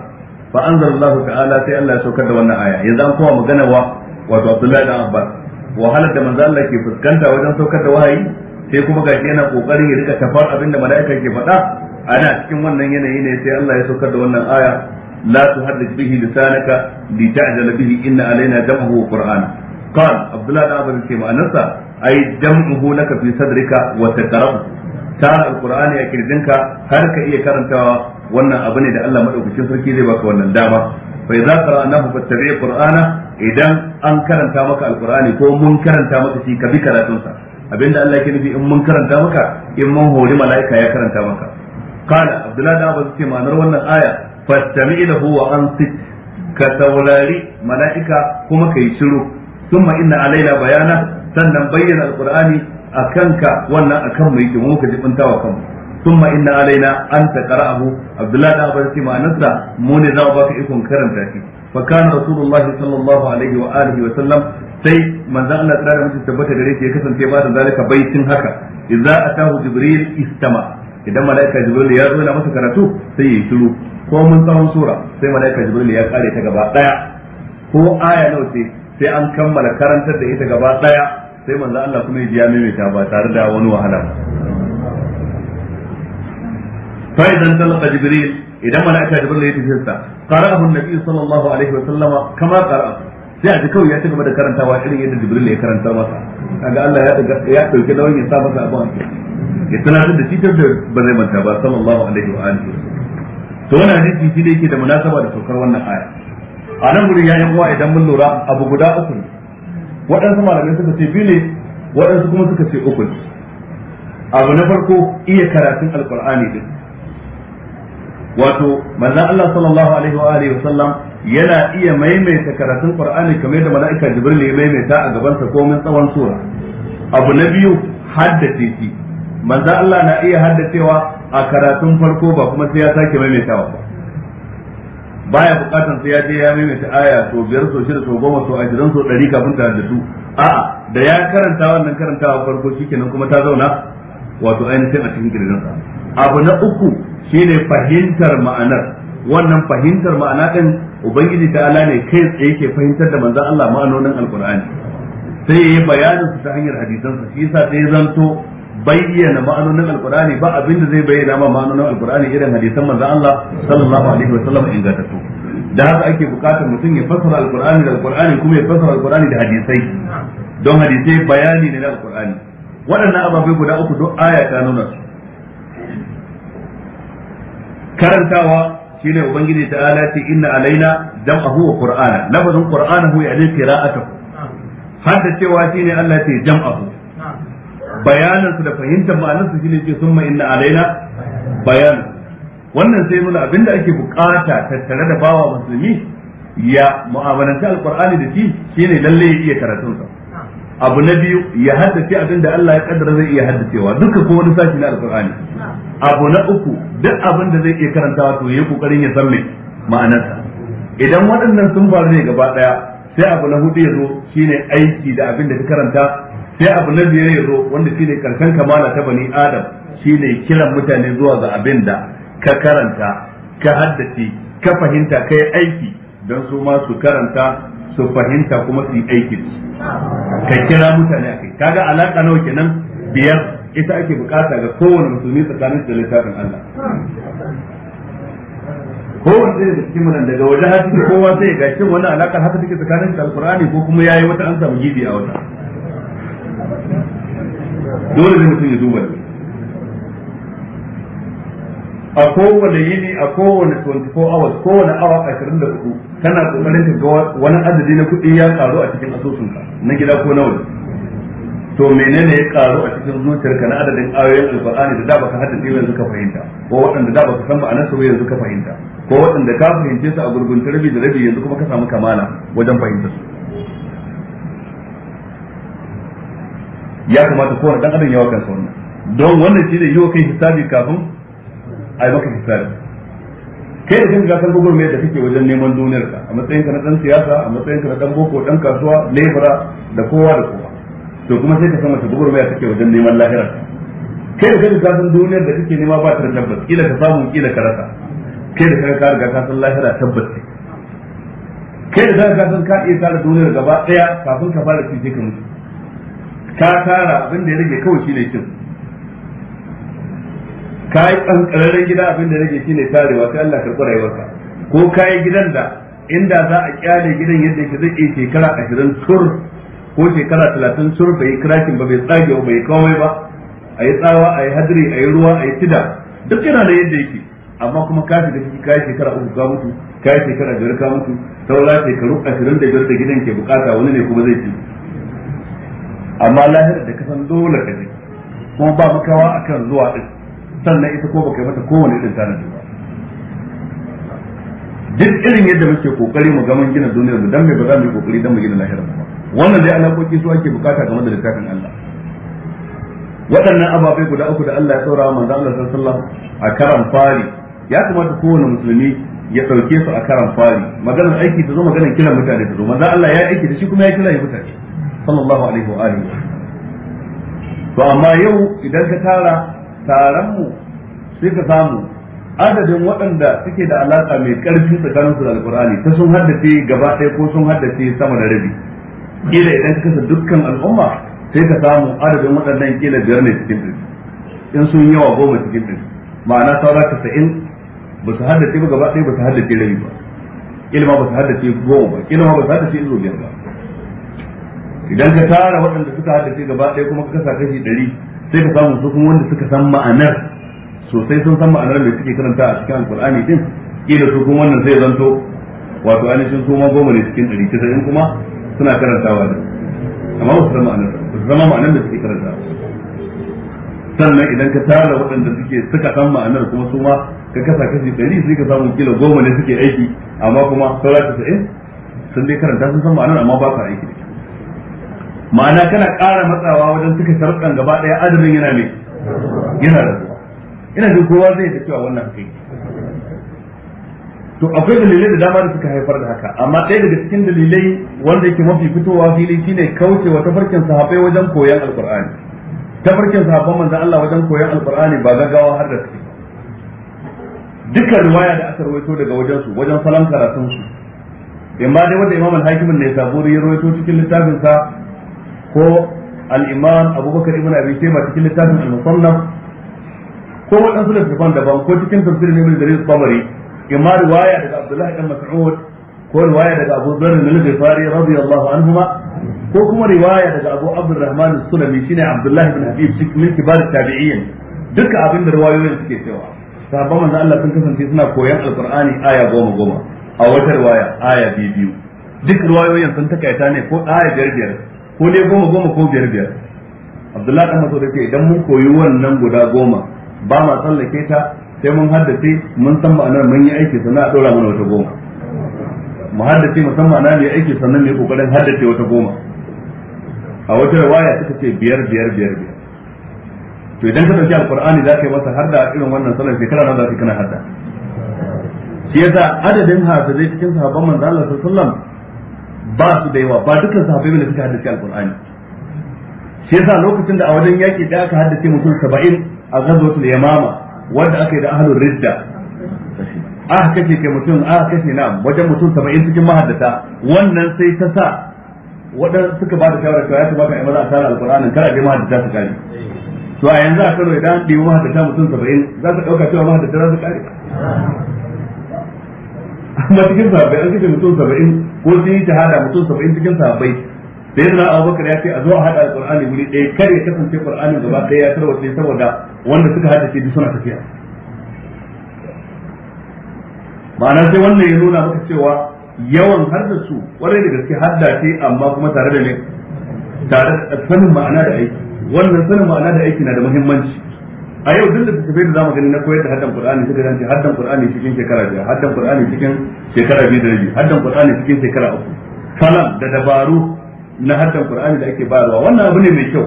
fa anzalallahu ta'ala sai Allah ya saukar da wannan aya yanzu an kuma magana wa wato Abdullahi dan Abbas wahalar da manzo Allah ke fuskanta wajen saukar da wahayi sai kuma gashi yana kokarin ya rika tafar abinda mala'ika ke faɗa ana cikin wannan yanayi ne sai Allah ya saukar da wannan aya La لا تحرك به لسانك لتعجل به إن علينا جمعه وقرآنه قال عبد الله بن عمر كما أنسى أي جمعه لك في صدرك وتكرمه tara alqur'ani a kirjinka har ka iya karantawa wannan abu ne da Allah madaukakin sarki zai baka wannan dama fa idza qara'nahu fattabi qur'ana idan an karanta maka alkur'ani ko mun karanta maka shi ka bi karatunsa abinda Allah yake nufi in mun karanta maka in mun hori mala'ika ya karanta maka qala abdullahi da abu ce ma'anar wannan aya fattabi lahu wa ansit ka saurari mala'ika kuma ka yi shiru summa inna alaina bayana sannan bayyana alkur'ani a kanka wannan akan kanmu yake mu muka jibinta wa kanmu ثم إن علينا أن تقرأه عبد الله بن عباس مع نصرة من ذا باك إكون كرم تاكي فكان رسول الله صلى الله عليه وآله وسلم sai manzon Allah tsara mutum tabbata gare shi ya kasance ba da bai baitin haka idza atahu jibril istama idan malaika jibril ya zo na masa karatu sai ya yi shiru ko mun tsawon sura sai malaika jibril ya kare ta gaba daya ko aya nawa ce sai an kammala karantar da ita gaba ɗaya? sai manzo Allah kuma ya ji mai ta ba tare da wani wahala ba fa idan talqa jibril idan malaika jibril ya tafi sa qara'ahu nabi sallallahu alaihi wa sallama kama qara'a sai a ji kawai ya ci gaba da karantawa irin yadda jibril ya karanta masa kaga Allah ya ya dauki nauyin ya sa masa abin ya tunatar da shi da ba zai manta ba sallallahu alaihi wa alihi to wannan hadisi shi ne yake da munasaba da saukar wannan aya a nan gurin yayin uwa idan mun lura abu guda uku ne waɗansu malamai suka ce biyu waɗansu kuma suka ce uku abu na farko iya karatun alkur'ani din wato manzon Allah sallallahu alaihi wa alihi wasallam yana iya maimaita karatun qur'ani kamar da mala'ika jibril ya maimaita a gaban sa komai tsawon sura abu na biyu haddace shi manzon Allah na iya haddacewa a karatun farko ba kuma sai ya sake maimaitawa ba baya bukatan sai ya je ya maimaita aya to biyar so shida so goma so ashirin so ɗari kafin ta su a'a da ya karanta wannan karantawa farko shikenan kuma ta zauna wato ainihin a cikin kirjinsa abu na uku shine fahimtar ma'anar wannan fahimtar ma'ana din ubangiji ta'ala ne kai tsaye ke fahimtar da manzon Allah ma'anonin alqur'ani sai yayi bayanin su ta hanyar hadisansa shi yasa sai zanto bayyana ma'anonin alqur'ani ba abinda zai bayyana ma ma'anonin alqur'ani irin hadisan manzon Allah sallallahu alaihi wasallam ingantattu da haka ake bukatar mutum ya fassara alqur'ani da alqur'ani kuma ya fassara alqur'ani da hadisai don hadisai bayani ne na alqur'ani waɗannan ababe guda uku duk aya ta nuna su karantawa shine ubangiji ala ce inna alaina jam'ahu wa qur'ana lafazin qur'ana hu yani qira'atuhu hadda cewa shine Allah ce jam'ahu bayanan su da fahimtar ma'anar su shine ce summa inna alaina bayan wannan sai nuna abinda ake bukata tattare da bawa musulmi ya mu'amalanta alqur'ani da shi shine lalle ya iya karatun sa abu na biyu ya haddace da Allah ya kaddara zai iya haddacewa duka ko wani sashi na alqur'ani abu na uku duk abin da zai iya karantawa to yayi kokarin ya san ma'anarsa idan waɗannan sun faru ne gaba daya sai abu na hudu ya zo shine aiki da abin da ka karanta sai abu na biyar ya zo wanda ne karshen kamala ta bani adam shi ne kiran mutane zuwa ga abin da ka karanta ka haddace ka fahimta ka yi aiki don su ma su karanta su fahimta kuma su yi aiki ka kira mutane a kai kaga alaka nawa kenan biyar ita ake bukata ga kowane musulmi tsakanin da littafin Allah kowane ɗaya da cikin nan daga waje har kowa sai ga wani alaka haka take tsakanin alkur'ani ko kuma yayi wata an samu gidi a wata dole ne mutum ya duba ne a kowane yini a kowane 24 hours kowane awa 24 tana kokarin ka ga wani adadi na kuɗi ya karu a cikin asusunka na gida ko na to menene ya karu a cikin zuciyarka na adadin ayoyin alqur'ani da da baka haddace yanzu ka fahimta ko waɗanda da baka san ba ma'anar su yanzu ka fahimta ko waɗanda ka fahimce su a gurgun tarbi da rabi yanzu kuma ka samu kamala wajen fahimtar su ya kamata kowane dan adam yawa kansa wannan don wannan shine yiwa kai hisabi kafin a yi maka hisabi kai da kanka san gugur mai da kake wajen neman duniyar ka a matsayin ka na dan siyasa a matsayin ka na dan boko dan kasuwa lebura da kowa da kowa to kuma sai ka san mace gugur mai kake wajen neman lahirar kai da kanka san duniyar da kake nema ba ta da tabbas kila ka samu kila ka rasa kai da kanka riga ka san lahira tabbas kai da kanka san ka iya tsara duniyar gaba daya kafin ka fara ci sai ka mutu ka tara abin da ya rage kawai shine cin ka yi kankararren gida abin da rage shine tarewa sai Allah karɓi rayuwarka ko ka yi gidan da inda za a kyale gidan yadda yake zai iya shekara ashirin sur ko shekara talatin sur bai yi kirakin ba bai tsage ba bai kawai ba a yi tsawa a yi hadiri a yi ruwa a yi tida duk yana da yadda yake amma kuma ka shiga ciki ka yi shekara uku ka mutu ka yi shekara biyar ka mutu saura shekaru ashirin da biyar da gidan ke bukata wani ne kuma zai ci amma lahira da kasan dole ka ji ko ba makawa akan zuwa din sannan ita ko baka mata kowane irin tana ba duk irin yadda muke kokari mu gaman gina duniyar mu dan me ba za mu yi kokari dan mu gina lahira ba wannan dai alaƙoƙi su ake bukata game da littafin Allah waɗannan ababai guda uku da Allah ya saurawa manzo Allah sallallahu alaihi wasallam a karan fari ya kamata kowane musulmi ya ɗauke su a karan fari maganar aiki ta zo maganar kiran mutane ta zo manzo Allah ya aiki da shi kuma ya kira ya mutane sallallahu alaihi wa alihi to amma yau idan ka tara taron mu sai ka samu adadin waɗanda suke da alaka mai karfi tsakaninsu da alƙur'ani ta sun haddace gaba ɗaya ko sun haddace sama da rabi kila idan ka kasa dukkan al'umma sai ka samu adadin waɗannan kila biyar ne cikin in sun yawa goma cikin ɗin ma'ana saura sa'in. ba su haddace ba gaba ɗaya ba su haddace rabi ba ilma ba su haddace goma ba ilma ba su haddace izo biyar ba idan ka tara waɗanda suka haddace gaba ɗaya kuma ka kasa kashi ɗari sai ka samu su kuma wanda suka san ma'anar sosai sun san ma'anar mai suke karanta a cikin alƙur'ani din kila su kuma wannan sai zanto wato ainihin su ma goma ne cikin ɗari ta kuma suna karantawa da amma ba su san ma'anar ba su zama ma'anar da suke karantawa sannan idan ka tara waɗanda suke suka san ma'anar kuma su ma ka kasa kashi ɗari sai ka samu kila goma ne suke aiki amma kuma saura ta sa'in sun dai karanta sun san ma'anar amma ba su aiki da ma'ana kana ƙara matsawa wajen suka sarƙan gaba ɗaya adadin yana ne yana da ina jin kowa zai ta cewa wannan kai to akwai dalilai da dama da suka haifar da haka amma ɗaya daga cikin dalilai wanda yake mafi fitowa fili shine kauce wa tafarkin sahabbai wajen koyon alkur'ani tafarkin sahabban manzon Allah wajen koyon alqur'ani ba gaggawa har da take dukkan riwaya da aka rawaito daga wajen su wajen salon karatun su imma dai wanda imam al-hakim ne saburi ya rawaito cikin littafin sa ko al-imam abubakar ibn abi shayba cikin littafin al-musannaf ko wadansu littafan daban ko cikin tafsirin ibn jarir tabari imma riwaya daga abdullahi ibn mas'ud ko riwaya daga abu dharr al-ghifari radiyallahu anhuma ko kuma riwaya daga Abu Abdurrahman Sulami shine Abdullah ibn Habib cikin kibar tabi'in duka abin da riwayoyin suke cewa sabon manzo Allah sun kasance suna koyan alqur'ani aya goma goma a wata riwaya aya biyu biyu duk riwayoyin sun takaita ne ko aya biyar biyar ko ne goma goma ko biyar biyar Abdullah dan Mas'ud yake idan mun koyi wannan guda goma ba ma tsallake ta sai mun haddace mun san ma'anar mun yi aiki sannan a ɗora mana wata goma mu haddace musamman na mai aiki sannan mai kokarin haddace wata goma a wata riwaya suka ce biyar biyar biyar biyar to idan ka dauki alqur'ani za ka yi masa harda irin wannan sallar shekara nan za ka kana harda shi yasa adadin hafizai cikin sahabban manzo Allah sallallahu alaihi ba su da yawa ba dukkan sahabbai ne suka haddace alqur'ani shi yasa lokacin da a wajen yaki da aka haddace mutum 70 a ghazwatul yamama wanda aka yi da ahlul ridda aka kashe ke mutum aka kashe na wajen mutum 70 cikin mahaddata wannan sai ta sa waɗanda suka ba da shawara cewa ya kamata a yi maza a tara alƙur'anin kar a je mahaddata su kare to a yanzu a karo idan an ɗebi mahaddata mutum saba'in za su ɗauka cewa mahaddata za su kare amma cikin sahabbai an kashe mutum saba'in ko sun yi shahada mutum saba'in cikin sahabbai sai yana bakar ya ce a zo a haɗa alƙur'ani wuri ɗaya kar ya kasance ƙur'anin gaba ɗaya ya tarwace saboda wanda suka haddace shi suna tafiya ma'ana sai wannan ya nuna maka cewa yawan har da su kwarai da gaske hadda ce amma kuma tare da ne tare da sanin ma'ana da aiki wannan sanin ma'ana da aiki na da muhimmanci a yau duk da tafiye da zamu gani na koyar da haddan qur'ani suka dan ce haddan qur'ani cikin shekara biyar haddan qur'ani cikin shekara biyu da rabi haddan qur'ani cikin shekara uku salam da dabaru na haddan qur'ani da ake bayarwa wannan abu ne mai kyau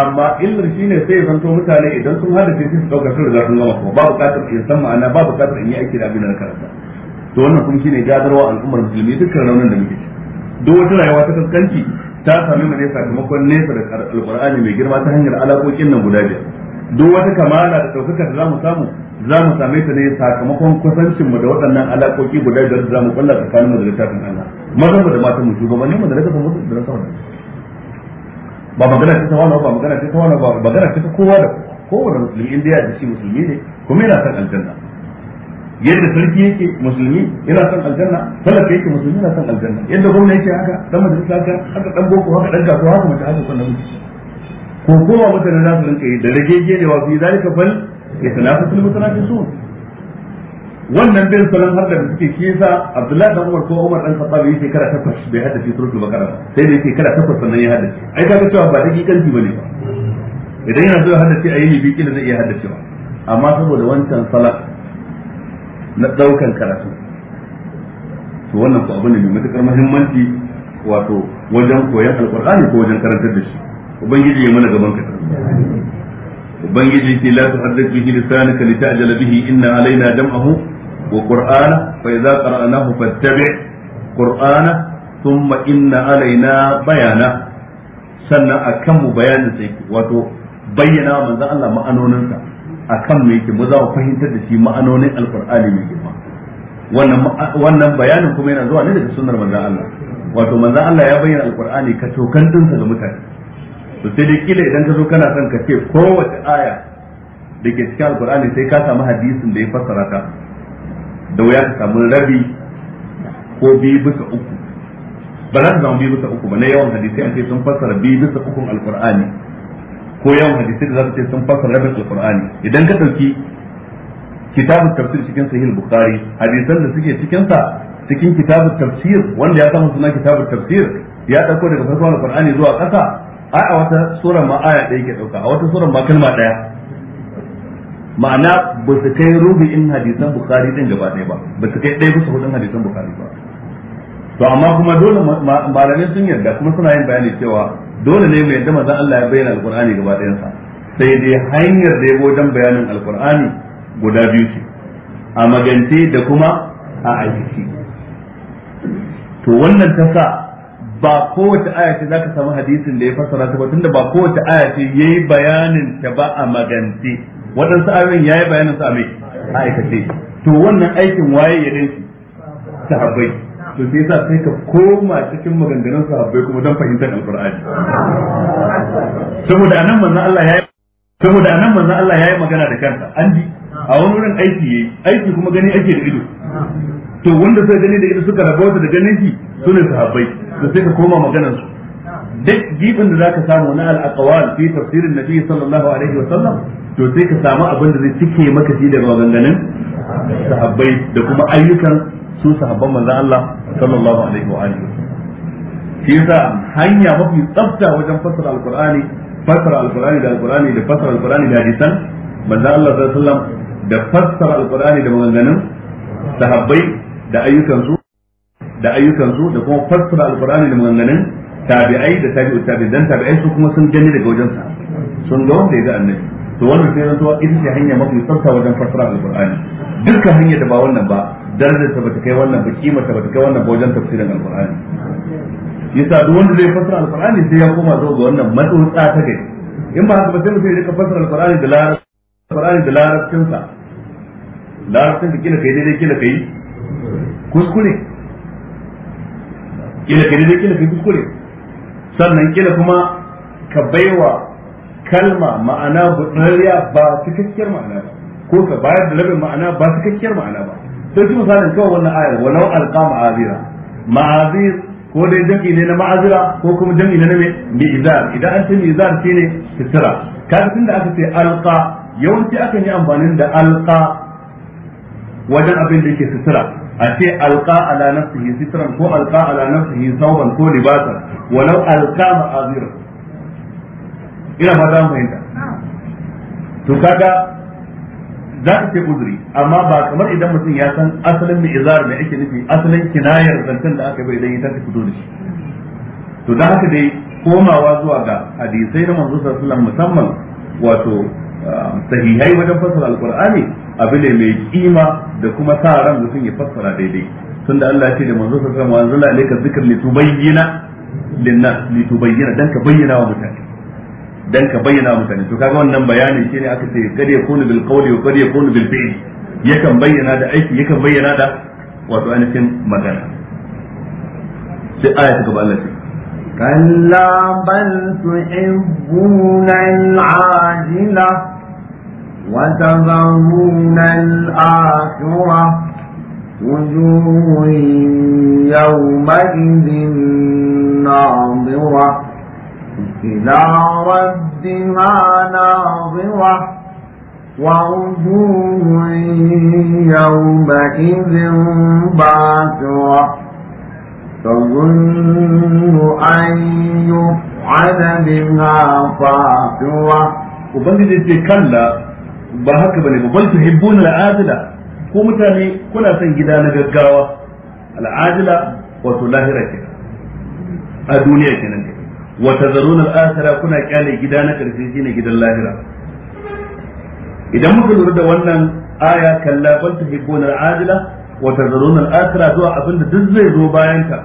amma illar shine sai ya zanto mutane idan sun hada sai su dauka sun riga sun gama kuma babu katar in san ma'ana ba katar in yi aiki da abin da na karanta to wannan kuma shine gadarwa al'ummar musulmi dukkan raunin da muke duk wata rayuwa ta kaskanci ta sami mu ne sakamakon nesa da alqur'ani mai girma ta hanyar alaƙoƙin nan guda biyar duk wata kamala da ɗaukaka da zamu samu za mu same ta ne sakamakon kusancin mu da waɗannan alaƙoƙi guda biyar da zamu kulla tsakanin mu da littafin Allah maza mu da matan mu shugabanni mu da na mu da rasa ba magana ce ta wani ba magana ce ta wani ba magana ce ta kowa da kowa da musulmi indiya da shi musulmi ne kuma yana san aljanna yadda sarki yake musulmi yana son aljanna talaka yake musulmi yana son aljanna yadda gwamna yake haka dan majalisa haka haka dan boko haka dan kasuwa haka mace haka son namiji ko kowa mutane za su rinka yi da rage ne wa fi zalika fal yatanafasul mutanafisun wannan bin salon har da suke shi yasa Abdullahi dan Umar ko Umar dan Khattab yi shekara takwas bai hada shi suratul Baqara sai da shekara takwas sannan ya hada shi ai kaga cewa ba dakikanci bane ba idan yana so ya hada shi ayi bi kila zai iya hada shi amma saboda wancan salat na daukan karatu to wannan ku abu ne mai matukar muhimmanci wato wajen koyon alqur'ani ko wajen karantar da shi ubangiji ya mana gaban ka ubangiji ce la tuhaddith bihi lisanaka litajala bihi inna alaina jam'ahu wa qur'ana fa idza qara'nahu fattabi' qur'ana thumma inna alaina bayana sannan akan mu bayanin sai wato bayyana manzo Allah ma'anoninsa akan me ke mu za a fahimtar da shi ma'anonin alqur'ani mai girma wannan bayanin kuma yana zuwa ne daga sunar manzan Allah wato manzan Allah ya bayyana alkur'ani ka tokan dinsa ga mutane to sai dai kila idan ka zo kana son ka ce kowace aya da ke cikin alkur'ani sai ka samu hadisin da ya fassara ta da wuya ka samu rabi ko biyu bisa uku ba za ka samu biyu bisa uku ba na yawan hadisai an ce sun fassara biyu bisa ukun alkur'ani ko yawan hadisi da za su ce sun fassara rabin alqur'ani idan ka ɗauki kitabun tafsir cikin sahih bukhari hadisan da suke cikin sa cikin kitabun tafsir wanda ya samu suna kitabun tafsir ya dauko daga farkon alqur'ani zuwa ƙasa ai a wata sura ma aya ɗaya ke ɗauka, a wata sura ma kalma ɗaya ma'ana ba su kai in hadisan bukhari din gaba ɗaya ba ba su kai ɗaya bisa hudun hadisan bukhari ba to amma kuma dole malamai sun yarda kuma suna yin bayani cewa dole ne mai yadda manzon Allah ya bayyana alqur'ani gaba ɗayan sa sai dai hanyar da ya dan bayanin alqur'ani guda biyu ce a magance da kuma a aiki to wannan ta sa ba kowace aya ce zaka samu hadisin da ya fassara ta ba tunda ba kowace aya ce yayi bayanin ta ba a magance waɗansu ayoyin yayi bayanin sa a mai aikace to wannan aikin waye ya dinsu sahabbai to sai za sai ka koma cikin maganganun sahabbai kuma don fahimtar alqur'ani saboda anan manzo Allah ya saboda anan manzo Allah ya yi magana da kanta an ji a wani wurin aiki yayi aiki kuma gani ake da ido to wanda sai gani da ido suka rabauta da ganin shi sune sahabbai to sai ka koma maganar su duk gibin da zaka samu na al-aqwal fi tafsirin nabi sallallahu alaihi wa sallam to sai ka samu abin da zai cike maka shi daga maganganun sahabbai da kuma ayyukan su sahabban manzon Allah sallallahu alaihi wa alihi shi yasa hanya mafi tsafta wajen fasara alqur'ani fassara alqur'ani da alqur'ani da fassara alqur'ani da hadisan manzon Allah sallallahu alaihi wasallam da fassara alqur'ani da maganganun sahabbai da ayyukan su da ayyukan su da kuma fassara alqur'ani da maganganun tabi'ai da tabi'u tabi'in dan tabi'ai su kuma sun gani daga wajen sa sun ga wanda ya ga annabi to wannan sai zanto ita ce hanya mafi tsafta wajen fassara alqur'ani dukkan hanya da ba wannan ba darajar ta bata kai wannan ba kima ta bata kai wannan bojan tafsirin alqur'ani yasa duk wanda zai fassara alqur'ani sai ya koma zuwa ga wannan matsotsa ta kai in ba haka ba sai mutum ya rika fassara alqur'ani da larabci alqur'ani da larabcin sa larabcin da kila kai daidai kila kai kuskure kila kai daidai kila kai kuskure sannan kila kuma ka baiwa kalma ma'ana buɗariya ba cikakkiyar ma'ana ko ka bayar da rabin ma'ana ba cikakkiyar ma'ana ba dauki misalin kawai wannan ayar walau alqa ma'azira ma'azir ko dai jami'i ne na ma'azira ko kuma jami'i ne na me mi'zar idan an ce mi'zar shine fitira kaga tunda aka ce alqa yawanci akan yi amfani da alqa wajen abin da yake fitira a ce alqa ala nafsihi sitran ko alqa ala nafsihi sauban ko libasan walau alqa ma'azira ina ba za mu fahimta to kaga za a ce uzuri amma ba kamar idan mutum ya san asalin mai izar mai ake nufi asalin kinayar zancen da aka bai dan ita ta fito da shi to da haka dai komawa zuwa ga hadisai na manzo sallallahu alaihi musamman wato um, sahihai wajen fassara alqur'ani abu ne mai kima da kuma sa ran mutum ya fassara daidai tunda Allah ya ce da manzo sallallahu alaihi wasallam anzala alayka dhikr litubayyana linnas litubayyana dan ka bayyana wa mutane dan ka bayyana mutane to kaga wannan bayanin shine aka ce kad yakunu bil qawli wa kad yakunu bil fi'li yakan bayyana da aiki yakan bayyana da wato ainihin magana sai aya ta gaba Allah ce
kalla bal tuhibbuna al-ajila wa tadhuruna al-akhirah وجوه يومئذ ناظره إلى ردها ناظرة ووجوه يومئذ باسرة تظن أن يفعل بها فاقرة
Ubangiji ce kalla ba haka bane ba bal al'adila ko mutane kuna son gida na gaggawa al'adila wato lahira a duniya kenan Wata tazaruna al kuna kyale gida na karshe shine gidan lahira idan muka lura da wannan aya kalla bal tuhibbuna al-ajila wa tazaruna al-akhirah zuwa abinda duk zai zo bayan ka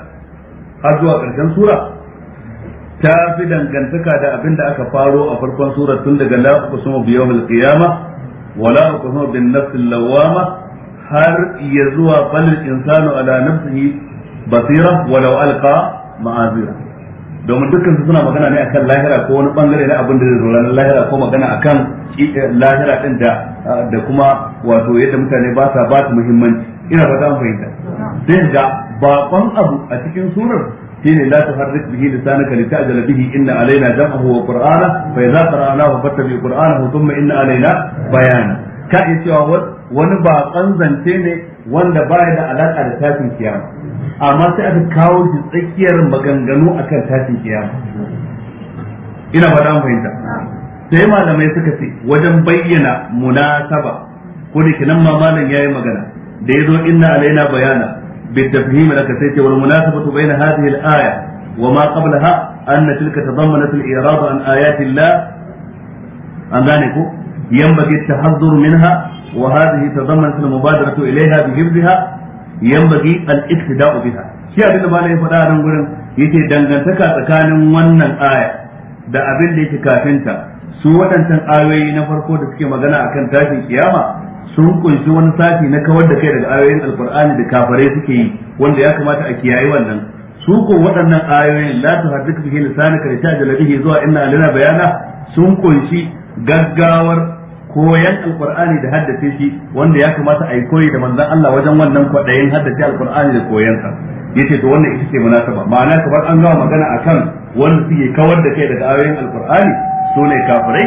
har zuwa karshen sura ta fi dangantaka da abinda aka faro a farkon sura tun daga la uqsimu bi yawmil wa la uqsimu bin nafsil lawwama har ya zuwa bal insanu ala nafsihi basira walau alqa ma'azira domin dukkan su suna magana ne akan lahira ko wani bangare na abin da zai zo ranar lahira ko magana akan eh, lahira din da ah, da kuma wato yadda mutane ba sa ba su muhimmanci ina ba ta fahimta sai ga baban abu a cikin surar shine la tuharrik bihi lisanaka litajala bihi inna alaina jam'ahu wa qur'ana fa idza qara'nahu fattabi qur'anahu thumma inna alaina bayana ka iya cewa wani baban zance ne wanda baya da alaka da tashin kiyama amma sai aka kawo shi tsakiyar maganganu akan tashin kiyama ina ba an fahimta sai malamai suka ce wajen bayyana munasaba ko da kinan ma malam yayi magana da yazo inna alaina bayana بالتفهيم لك سيتي والمناسبة بين هذه الآية وما قبلها أن zamana تضمنت الإعراض عن آيات الله an gane ko yan bage tahazur minha وهذه تضمنت المبادرة إليها بحفظها ينبغي الاقتداء بها shi abin da malai faɗa nan gurin yace dangantaka tsakanin wannan aya da abin da yake kafinta su waɗancan ayoyi na farko da suke magana akan tashin kiyama sun ƙunshi wani sati na kawar da kai daga ayoyin alkur'ani da kafarai suke yi wanda ya kamata a kiyaye wannan su ko waɗannan ayoyin la tu haddaka bihi lisanaka li ta'jala bihi zuwa inna lana bayana sun ƙunshi gaggawar koyan alqur'ani da haddace shi wanda ya kamata a yi koyi da manzan Allah wajen wannan kwaɗayin haddace alqur'ani da koyansa yace to wannan ita ce munasaba ma'ana kamar an gama magana akan wanda suke kawar da kai daga ayoyin alqur'ani su ne kafirai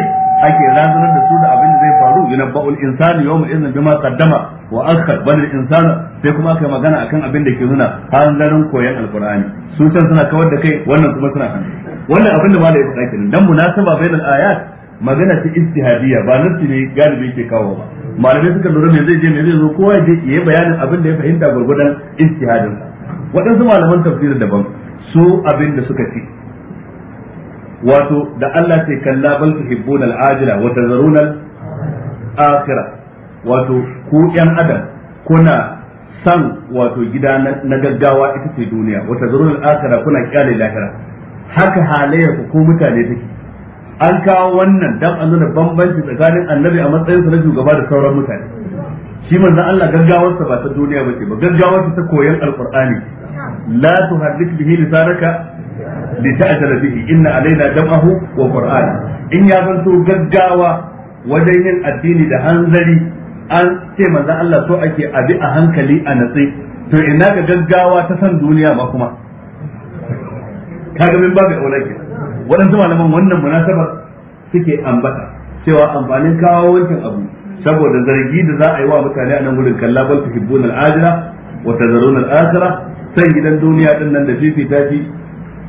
ake razanar da su da abin da zai faru yunabba'ul insanu yawma idhin bima qaddama wa akhar bal insanu sai kuma aka magana akan abin da ke nuna hanzarin koyan alkur'ani su can suna kawar da kai wannan kuma suna hannu wannan abin da ma da ya faɗa kenan dan munasaba bainal ayat magana ce istihadiya ba nassi ne galibi ke kawo ba malamai suka lura me zai je me zai zo kowa ya je yayi bayanin abin da ya fahimta gurgudan istihadin waɗansu malaman tafsirin daban su abin da suka ci wato da Allah ce kalla bal tuhibbuna al-ajila wa tazaruna al-akhirah wato ku yan adam kuna san wato gida na gaggawa ita ce duniya wa zarunar al-akhirah kuna kyale lahira haka halayyar ku ko mutane take an kawo wannan dan a nuna bambanci tsakanin annabi a matsayin sa na shugaba da sauran mutane shi manzon Allah gaggawarsa ba ta duniya bace ba gaggawarsa ta koyon alqur'ani la tuhaddith bihi lisanaka lita'jala bihi inna alaina jam'ahu wa qur'ana in ya zanto gaggawa wajen yin addini da hanzari an ce manzon Allah so ake abi a hankali a natsi to ina ga gaggawa ta san duniya ba kuma kaga min babu aulaki waɗansu malaman wannan munasabar suke ambata cewa amfanin kawo wancan abu saboda zargi da za a yi wa mutane a nan gurin kalla bal tuhibbuna al wa tazaruna al san gidan duniya din nan da fifita shi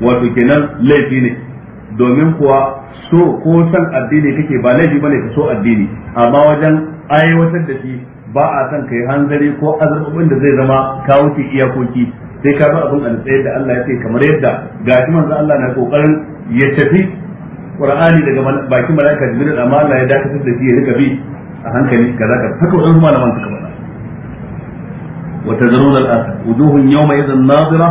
wato kenan laifi ne domin kuwa so ko san addini kake ba laifi bane ka so addini amma wajen aiwatar da shi ba a san kai hanzari ko azabin da zai zama ka iyakoki sai ka bi abin a da Allah ya ce kamar yadda gashi manzo Allah na kokarin ya tafi qur'ani daga bakin malaika jibril amma Allah ya dakatar da shi ya rika bi a hankali kaza ka haka wannan malaman suka faɗa wa tazrun al-akhir wuduhun yawma idhan nadira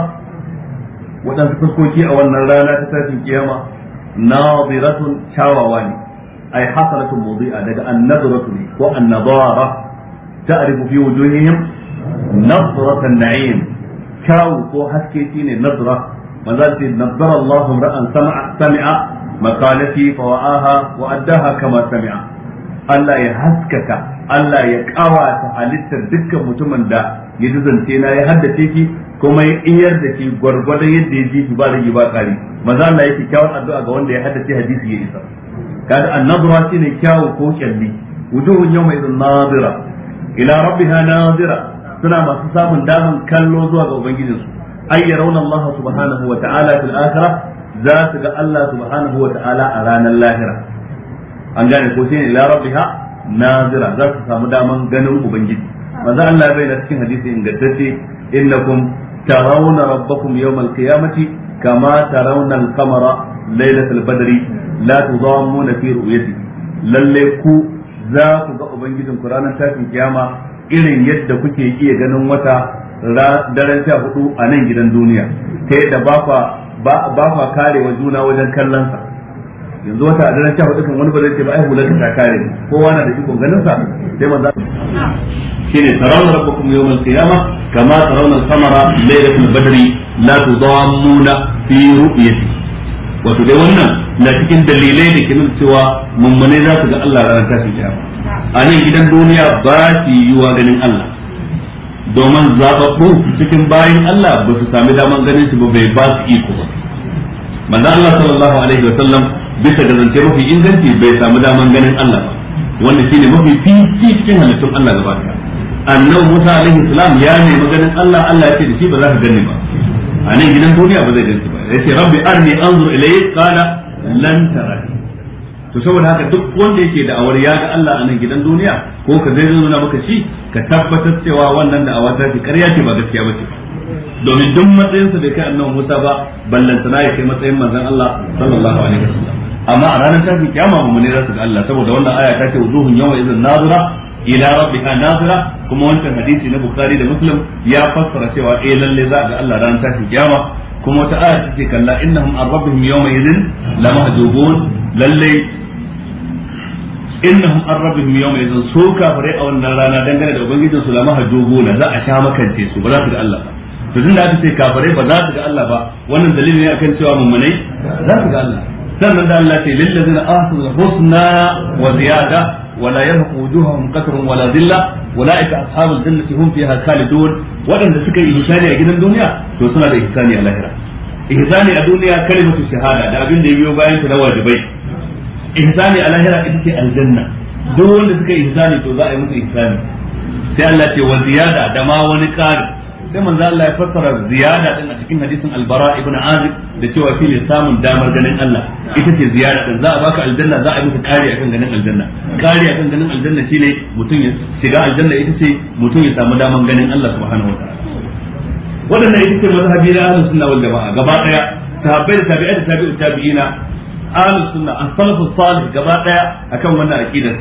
wadansu fuskoki a wannan rana ta tashin kiyama nadiratun shawawa ne ay hasalatun mawdi'a daga an-nadratu ko an-nadara ta'rifu fi wujuhihim nadratan na'im kawu ko haske shine nadra manzo ce nazzara Allahu ra'an sama'a sami'a maqalati fa wa'aha wa addaha kama sami'a Allah ya haskaka Allah ya kawata halittar dukkan mutumin da ya zance na ya haddace shi kuma ya iyar da shi yadda ya ji shi ba rigi ba kari Maza Allah yake kyawun addu'a ga wanda ya haddace hadisi ya isa kaga annabra shine kyawu ko kyalli wujuhun yawma idhin nadira ila rabbiha nadira suna masu samun damin kallo zuwa ga ubangijinsu ay yarawna Allah subhanahu wa ta'ala fil za su ga Allah subhanahu wa ta'ala a ranar lahira A gane ko shine ila rabbiha nazira za su samu daman ganin ubangiji Maza Allah ya bayyana cikin hadisi ingantacce innakum tarawna rabbakum yawmal qiyamati kama tarawna al-qamara lailatul badri la tudammuna fi ru'yati lalle ku za ku ga ubangijin ku ranar tashin kiyama irin yadda kuke iya ganin wata daren sha hudu a nan gidan duniya ta yadda ba fa karewa juna wajen kallonsa yanzu wata a daren sha hudu kan wani bazai ce ba ai hular ta kare kowa na da ikon ganin sa sai manzo shine tarawna rabbakum yau mai qiyamah kama tarawna samara qamara laylatul Badari la tudammuna fi ru'yati wato dai wannan na cikin dalilai da ke nuna cewa mummune za su ga Allah ranar tashin kiyama a nan gidan duniya ba su yiwuwa ganin Allah domin zababbu cikin bayan Allah ba su sami daman ganin shi ba bai ba su iko ba manzo Allah sallallahu alaihi wa sallam bisa ga zance mafi inganci bai sami daman ganin Allah ba wanda shine mafi fifi cikin halittun Allah gaba ɗaya annabi Musa alaihi salam ya nemi ganin Allah Allah ya ce da shi ba za ka gani ba a nan gidan duniya ba zai gani ba yace rabbi arni anzur ilayk qala lan tarani to saboda haka duk wanda yake da awar ya ga Allah a nan gidan duniya ko ka zai nuna maka shi ka tabbatar cewa wannan da awar ta ce ce ba gaskiya ba ce domin duk matsayinsa bai kai annabi Musa ba ballantana ya kai matsayin manzon Allah sallallahu alaihi wasallam amma a ranar tashin kiyama mu ne za su ga Allah saboda wannan aya ta ce wuduhun yawma idzin nazira ila rabbika nazira kuma wancan hadisi na bukhari da muslim ya fassara cewa eh lalle za ga Allah ranar tashin kiyama kuma wata aya take kalla innahum an rabbihim yawma idhin lamahjubun lalle innahum an rabbihim yawma idhin su kafare a wannan rana dangane da ubangijin su lamahjubuna za a sha makance su ba za su ga Allah ba to tunda aka ce kafirai ba za su ga Allah ba wannan dalili ne akan cewa mummunai za su ga Allah sannan da Allah ce lillazina ahsanu husna wa ziyada ولا يهق وجوههم قتر ولا ذله اولئك اصحاب الجنه هم فيها خالدون ودن suka yi ihsani a gidan duniya to suna da ihsani a lahira ihsani a duniya kalimatu shahada da abin da ya biyo bayan ta da wajibai ihsani a lahira ita ce aljanna duk wanda suka yi ihsani to za a yi musu ihsani sai Allah ce wa ziyada da ma wani ƙari sai manzo Allah ya fassara ziyada din a cikin hadisin albara ibn azib da cewa fili samun damar ganin Allah ita ce ziyada din za a baka aljanna za a yi maka kari akan ganin aljanna kari akan ganin aljanna shine mutum ya shiga aljanna ita ce mutum ya samu damar ganin Allah subhanahu wataala wadannan ita ce mazhabi na ahlus sunna wal jamaa gaba daya sahabbai da tabi'ai da tabi'ut tabi'ina ahlus sunna as-salafus salih gaba daya akan wannan aqidar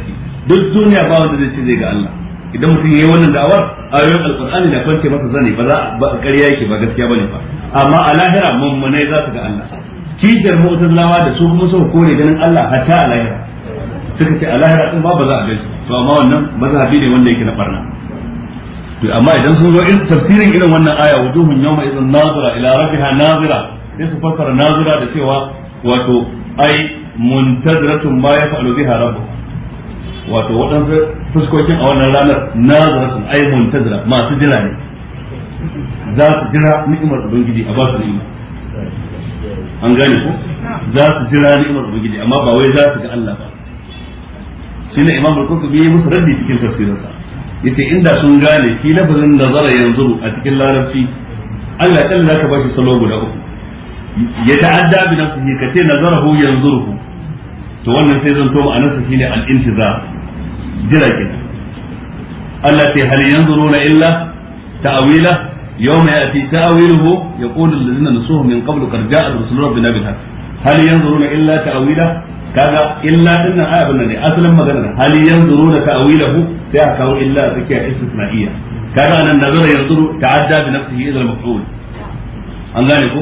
duk duniya ba wanda zai ce zai ga Allah idan mutum yayi wannan da'awar ayoyin alqur'ani na kwance masa zane ba za ba ƙarya yake ba gaskiya bane ba amma a lahira mummunai za su ga Allah kishiyar mu'tazilawa da su kuma suka kore ganin Allah hatta a lahira suka ce a lahira din ba ba za a gaisu. to amma wannan mazhabi ne wanda yake na barna to amma idan sun zo irin tafsirin irin wannan aya wujuhun yawma idan nazira ila rabbiha nazira sai su fassara nazira da cewa wato ai muntaziratun ma yaf'alu biha rabbuha wato waɗansu fuskokin a wannan ranar nazaratun ai muntazira masu jira ne za su jira ni'imar ubangiji a ba su ni'ima an gane ku. za su jira ni'imar ubangiji amma ba wai za su ga Allah ba shi ne imam al-qurtubi ya musu raddi cikin tafsirinsa yace inda sun gane shi lafazin nazara yanzu a cikin larabci Allah kan zaka ba shi salo guda uku ya ta'adda bi nafsihi kace nazarahu yanzuruhu to wannan sai zan to ma'anar sa shine al-intizar jirage Allah ce hal yanzuruna illa ta'awila ta'wila yawma ya ta'wiluhu yaqulu alladhina nasuhu min qablu qad a rasul rabbina bil haqq hal yanzuruna illa ta'wila kaga illa dinnan ayatun ne asalin maganar hal yanzuruna ta'awilahu sai aka kawo illa tsakiya istisna'iyya kaga anan nazara yanzuru ta'adda bi nafsihi ila al-maf'ul an gane ko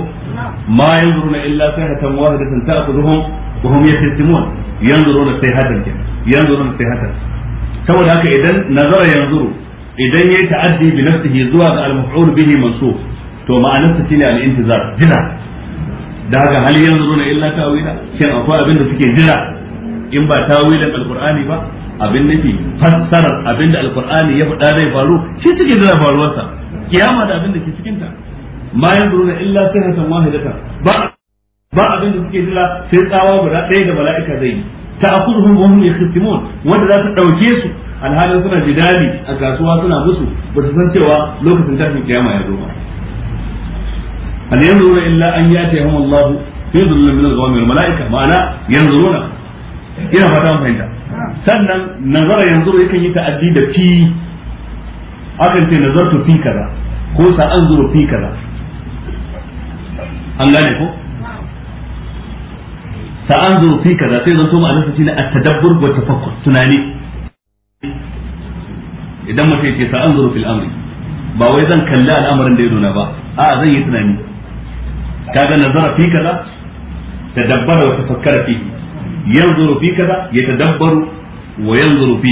ma yanzu yanzuruna illa sayhatan wahidatan ta'khudhuhum wa hum yahtimun Yanzu sayhatan sai sayhatan saboda haka idan nazara yanzu idan yayi ta'addi bi nafsihi zuwa ga al-maf'ul bihi mansub to ma'anarsa shine al-intizar jira da haka hal yanzuruna illa tawila shin akwai abin da suke jira in ba tawilin alqur'ani ba abin nufi fassarar abin da alqur'ani ya faɗa zai faru shi suke jira faruwarsa kiyama da abin da ke cikin ta ma yanzuruna illa sihatan wahidatan ba ba abin da suke jira sai tsawa guda ɗaya da mala'ika zai yi ta'khudhuhum wa hum yakhsimun wanda za ta dauke su alhalin suna jidali a kasuwa suna musu ba su san cewa lokacin tashin kiyama ya zo ba hal yanzuruna illa an yatihum Allah fi dhullin min al-ghawami malaika ma'ana yanzuruna ina fata mun fahimta sannan nazara yanzuru yakan yi ta'addi da fi akan ce nazartu fi kaza ko an gane ko sa'anzuru fi kaza sai zanto ma'anarsa shine at-tadabbur wa tafakkur tunani idan mutum ce sa'anzuru fil amri ba wai zan kalli al'amarin da ya nuna ba a zan yi tunani kaga nazara fi kaza tadabbara wa tafakkara fi yanzuru fi kaza yatadabbaru wa yanzuru fi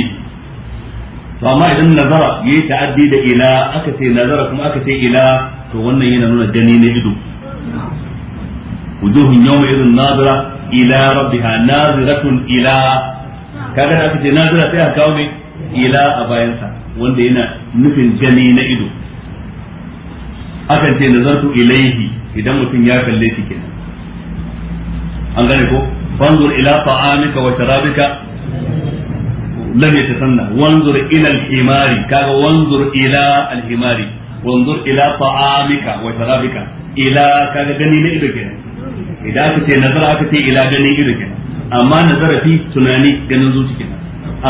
to amma idan nazara yayi ta'addi da ila aka ce nazara kuma aka ila to wannan yana nuna gani na ido wujuhun yawma idhin nadira ila rabbiha naziratun ila kaga da aka ce nazira sai a kawo mai ila a bayansa wanda yana nufin gani na ido akan ce nazartu ilaihi idan mutum ya kalle shi kenan an gane ko fanzur ila ta'amika wa sharabika lam yatasanna wanzur ila al-himari kaga wanzur ila al-himari wanzur ila ta'amika wa sharabika ila kaga gani na ido kenan idan aka ce nazara aka ce ila ganin ido kenan amma nazara fi tunani ganin zuci kenan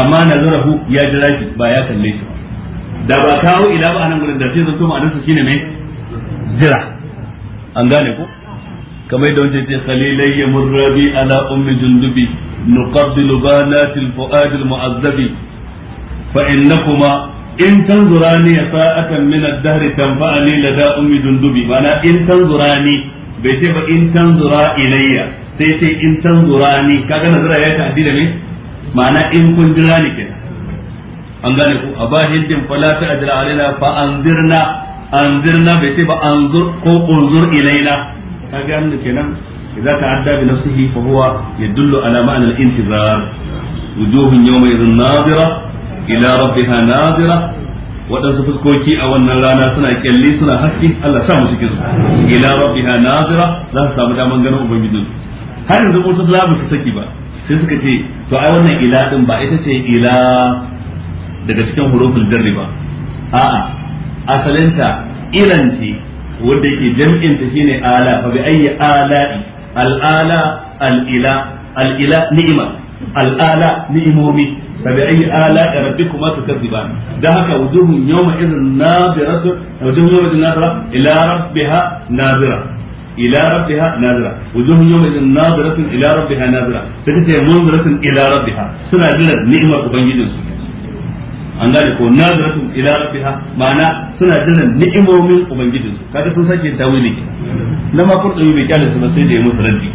amma nazara hu ya jira shi ba ya kalle shi da ba kawo ila ba nan gurin da sai zanto ma'anarsa shine mai jira an gane ko kamar da wancan ce khalilai ya murrabi ala ummi jundubi nuqabbilu banatil fuadil mu'azzabi fa innakuma in tanzurani sa'atan min ad-dahr tanfa'ani lada ummi jundubi mana in tanzurani bai ce ba in tanzura ilayya sai sai in tanzura ni kaga nazara ya ta'addi da me ma'ana in kun jira ni kenan an gane ku abahin din fala ta ajra alaina fa anzirna anzirna bai ce ba anzur ko unzur ilayna kaga an kenan idza ta'adda bi nafsihi fa huwa yadullu ala ma'na al-intizar wujuhun yawma idhin nadira ila rabbiha nadira waɗansu fuskoki a wannan rana suna kyalli suna haske Allah sa mu cikin su ila rabbiha nazira za su samu daman ganin ubangijin har yanzu musu za mu saki ba sai suka ce to ai wannan ila din ba ita ce ila daga cikin huruful jarri ba a'a asalinta ilan ce wanda yake jam'in ta shine ala fa bi ayyi ala'i al ala al ila al ila ni'ima al ala ni'imomi فبأي آلاء ربكما تكذبان دهك وجوه يومئذ ناظرة وجوه يومئذ ناظرة إلى ربها ناظرة إلى ربها ناظرة وجوه يومئذ ناظرة إلى ربها ناظرة تكتب منظرة إلى ربها سنة جنة نعمة أبنجد an gane ko rasu ila ma'ana suna jiran ni'imomin ubangijinsu kaga sun sake tawili na ma kurɗin bai kyale su sai da ya musu raddi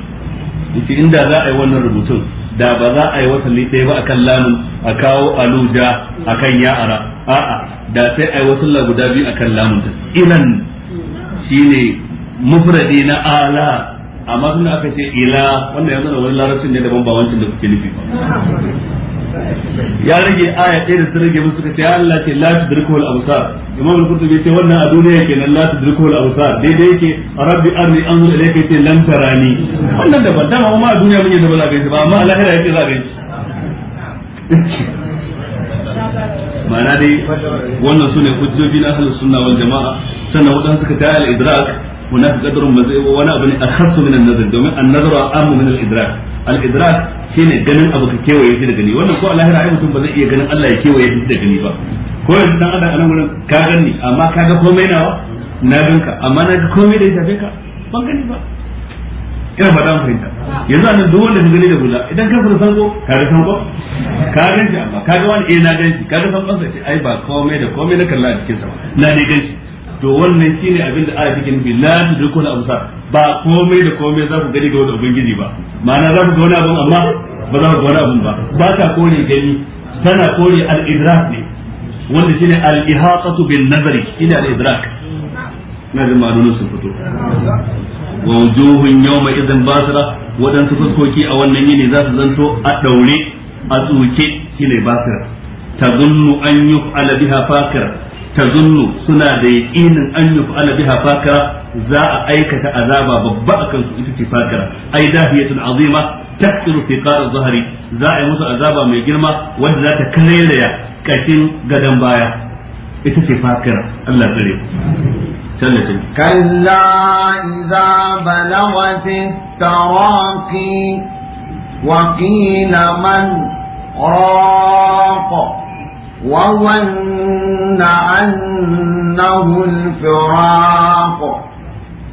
yace inda za a yi wannan rubutun da ba za a yi wasali ɗaya ba akan lamun a kawo aluja akan ya'ara a'a da sai a yi wasalla guda biyu akan lamun ta ilan shine mufradi na ala amma suna aka ce ila wannan yanzu da wani larabcin ne daban ba wancan da kuke nufi ya rage aya ɗaya da ta rage musu ka ce ya Allah ce lati tudriku al imam al-qurtubi ce wannan a duniya nan lati tudriku al absar daidai yake rabbi arni anzur ilayka ce lan tarani wannan da ban dama ma a duniya mun yi da ba za ka yi ba amma a lahira yake za ka yi ma'ana dai wannan ne hujjoji na ahlus sunna wal jama'a sannan wadansu suka ta al idrak هناك قدر وانا ابن اخص من النظر دومين النظر اعم من الادراك الادراك shine ganin abu ka kewaye shi da gani wannan ko Allah ya mutum ba iya ganin Allah ya kewaye shi da gani ba ko yanzu dan adam anan ka gani amma ka ga komai nawa na ganka amma na ga komai da ka ban gani ba ina faɗa maka ita yanzu anan duk wanda ka gani da hula idan ka fara sango ka ga sango ka ganci amma ka ga wani eh na ganci ka ga sango sai ai ba komai na kalla a cikin sa na ne to wannan shine abin da aya take nufi la tudrikuna amsa ba komai da komai za ku gani ga wani ubangiji ba ma'ana za ku ga wani abin amma ba za ku ga wani abin ba ba ta kore gani tana kore al-idrak ne wanda shine al-ihatatu bin nazari shine al-idrak na da ma'anonin sun fito wa wujuhun yawma idan basira waɗansu fuskoki a wannan yini za su zanto a daure a tsuke shine basira Ta tazunnu an yuf'ala biha fakira tazunnu suna da yaqinin an yuf'ala biha fakara za a aikata azaba babba akan su ita ce fakara ai dahiyatun azima taksiru fi qara zahari za a yi musu azaba mai girma wanda za ta karelaya kashin gadan baya ita ce fakara Allah tsare
كلا إذا بلغت التراقي وقيل man راق وظن أنه الفراق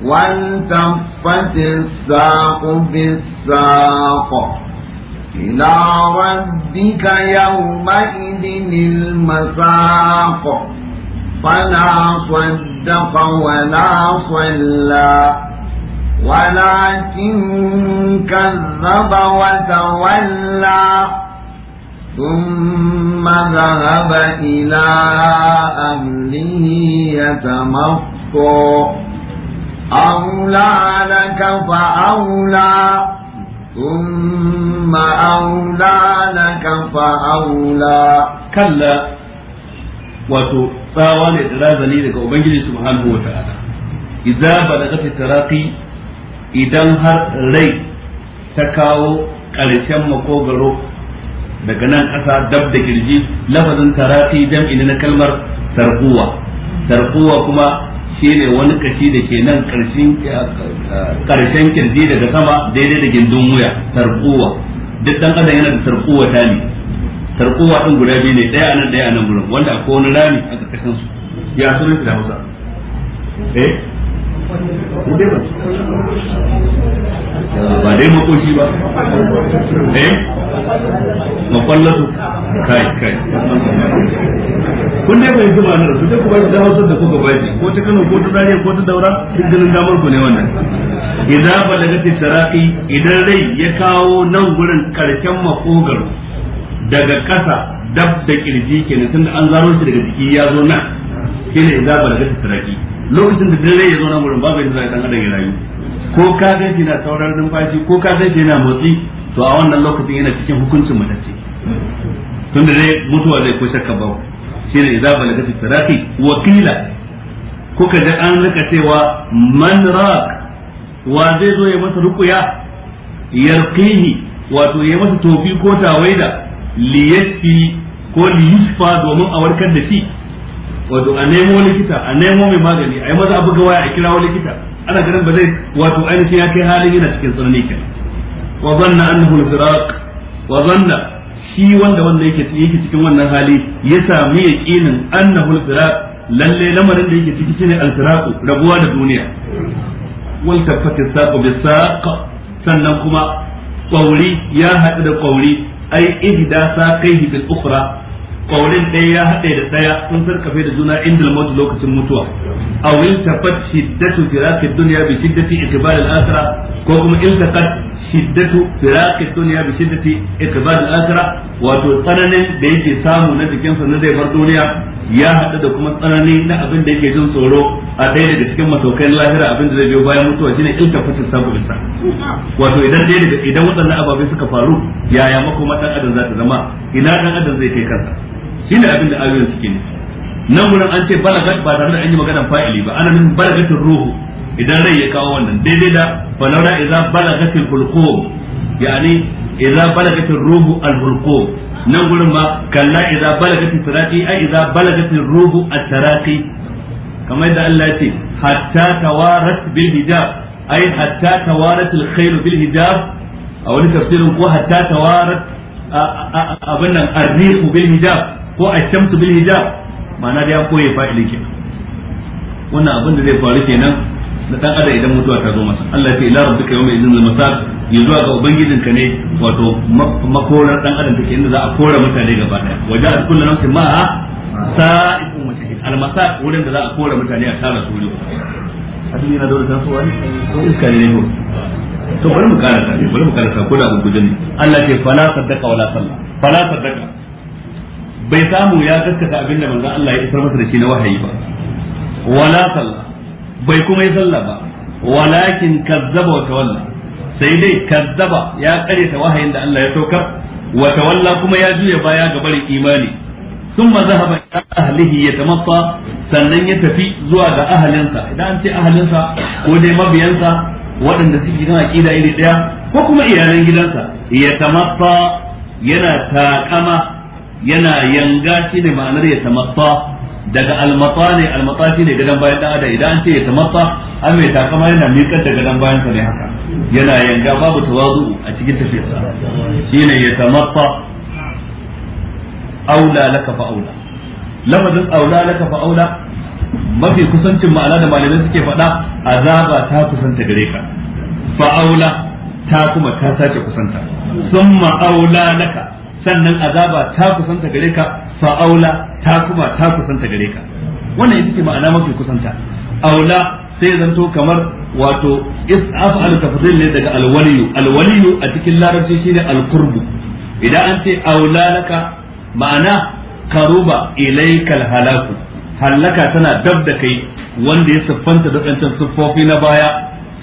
والتفت الساق بالساق إلى ربك يومئذ المساق فلا صدق ولا صلى ولكن كذب وتولى ثم ذهب إلى أهله يتمطى أولى لك فأولى ثم أولى لك فأولى كلا wato tsawa ne da razani daga ubangiji
subhanahu wa ta'ala idza balagati taraqi idan har rai ta kawo ƙarshen makogaro daga nan ƙasa dab da kirji lafazin tarati jam'i na kalmar tarquwa tarquwa kuma shine wani kashi da ke nan ƙarshen ƙarshen kirji daga sama daidai da gindin wuya tarquwa duk dan adam yana da tarquwa tani tarquwa din guda biyu ne daya nan daya nan gurin wanda akwai wani rami a ƙarƙashin su ya sunan da Hausa eh ba dai makoshi ba eh mafallatu kai kai kun dai bai zuba nan su dai ku bai da hausar da kuka bai ko ta Kano ko ta Zaria ko ta Daura kin damar ku ne wannan idza ti taraqi idan rai ya kawo nan gurin karken makogar daga kasa dab da kirji kenan tunda an zaro shi daga jiki ya zo nan shine idza ti taraqi lokacin da dare ya zo nan gurin babu yadda dan adam ya rayu ko ka ga yana saurar numfashi ko ka ga yana motsi to a wannan lokacin yana cikin hukuncin matacce da dai mutuwa zai kusa ka bau shi ne idza balagati taraqi wakila ko kuka ji an rika cewa man raq wa zai zo ya masa rukuya yarqihi wato ya masa tofi ko tawaida liyasfi ko liyusfa domin a warkar da shi wato a nemo likita a nemo mai magani a yi maza abu gawa waya a kirawo likita ana ganin ba zai wato ainihin ya kai halin yana cikin tsanani kenan wa zanna annahu al-firaq wa zanna shi wanda wanda yake yake cikin wannan hali ya sami yaqinin annahu al-firaq lalle lamarin da yake ciki shine al-firaq rabuwa da duniya wal tafati saqu bi saq sannan kuma kwauri ya haɗu da kwauri ai ihda saqaihi bil ukhra kaulin ɗaya ya haɗe da ɗaya sun sarkafe da juna inda mutu lokacin mutuwa a wil tabbat shiddatu firaqid dunya bi shiddati ikbal al akhirah ko kuma in tafat shiddatu firaqid dunya bi shiddati ikbal al akhirah wato tsananin da yake samu na jikin sa na zai bar duniya ya haɗu da kuma tsanani na abin da yake jin tsoro a ɗaya daga cikin masaukai lahira abin da zai biyo bayan mutuwa shine in tafat sabu bisa wato idan ɗaya daga idan waɗannan ababe suka faru yaya makoma ɗan adam za ta zama ina ɗan adam zai kai kansa shine abin da ayoyin suke ne nan gurin an ce balagat ba tare da an yi maganar fa'ili ba ana nufin balagatin ruhu idan rai ya kawo wannan daidai da falaura idza balagatil hulqum yani idan balagatin ruhu al hulqum nan gurin ma kalla idan balagatin sirati ai idan balagatin ruhu at taraqi kamar da Allah ya ce hatta tawarat bil hijab ai hatta tawarat al khayl bil hijab a wani tafsirin ko hatta tawarat abin nan arrihu bil hijab ko a shamsu bil hijab ma'ana da ya koye fa'ilin ke wannan abin da zai faru kenan na dan adam idan mutuwa ta zo masa Allah ya ce ila rabbika yawma idzin zal masar ya zuwa ga ubangijinka ne wato makorar dan adam take inda za a kora mutane gaba daya waje a kullu nafsin ma sa'ikun wa al masar wurin da za a kora mutane a tara su wuri hadin yana dole san suwa ne ko iska ne ko to bari mu karanta bari mu karanta ko da gudun Allah ya ce fala saddaka wala salla fala saddaka bai samu ya gaskata abin da ga Allah ya isar masa da shi na wahayi ba wala sallah bai kuma yi sallah ba walakin kazzaba wa tawalla sai dai kazzaba ya ta wahayin da Allah ya saukar wa tawalla kuma ya juya baya ga bari imani ثم ذهب إلى أهله يتمطى sannan ya tafi zuwa ga ahalinsa idan an ce ahalinsa ko dai mabiyansa waɗanda suke kan aƙida iri ɗaya ko kuma iyalan gidansa ya yana taƙama yana yanga shi ne ma'anar ya tamatta daga almata ne almata shi ne gadon bayan dan adam idan an ce ya tamatta an mai takama yana miƙar da gadon bayan sa ne haka yana yanga babu tawazu a cikin tafiyarsa shine ya tamatta aula laka fa aula lafazin aula laka fa aula mafi kusancin ma'ana da malamai suke faɗa azaba ta kusanta gare ka fa aula ta kuma ta sace kusanta summa aula laka sannan azaba ta kusanta gare ka fa'aula ta kuma ta kusanta gare ka wannan ita ce ma'ana mafi kusanta aula sai zanto kamar wato al tafdil ne daga alwaliyu alwaliyu a cikin larabci shine alqurbu idan an ce aula laka ma'ana karuba ilaikal halaku hallaka tana dab da kai wanda ya siffanta da tsancan siffofi na baya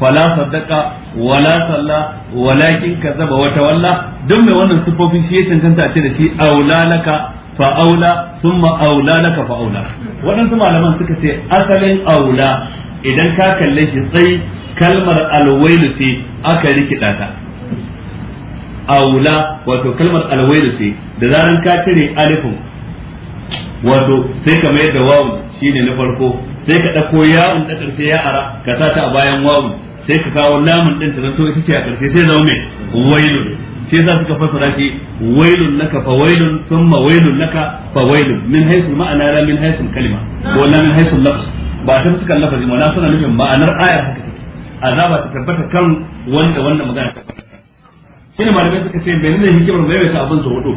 fala saddaka wala salla walakin kazzaba wata walla. don mai wannan siffofin shi ya cancanta a ce da shi aulalaka fa aula summa aulalaka fa aula waɗansu malaman suka ce asalin aula idan ka kalle shi sai kalmar alwailu ce aka rikida ta aula wato kalmar alwailu ce da zaran ka cire alifin wato sai ka mayar da wawu shine na farko sai ka ɗauko yawon da ƙarshe ya ara ka sa ta a bayan wawu sai ka kawo lamun ɗin ta zanto ita ce a ƙarshe sai zama mai wailu shi yasa suka fassara shi wailun laka fa wailun thumma wailun laka fa wailun min haythu ma'ana la min haythu kalima ko la min haythu lafz ba ta suka lafazi suna nufin ma'anar haka take azaba ta tabbata kan wanda magana ta malamai suka ce bai ne hikimar mai wata abin su hudu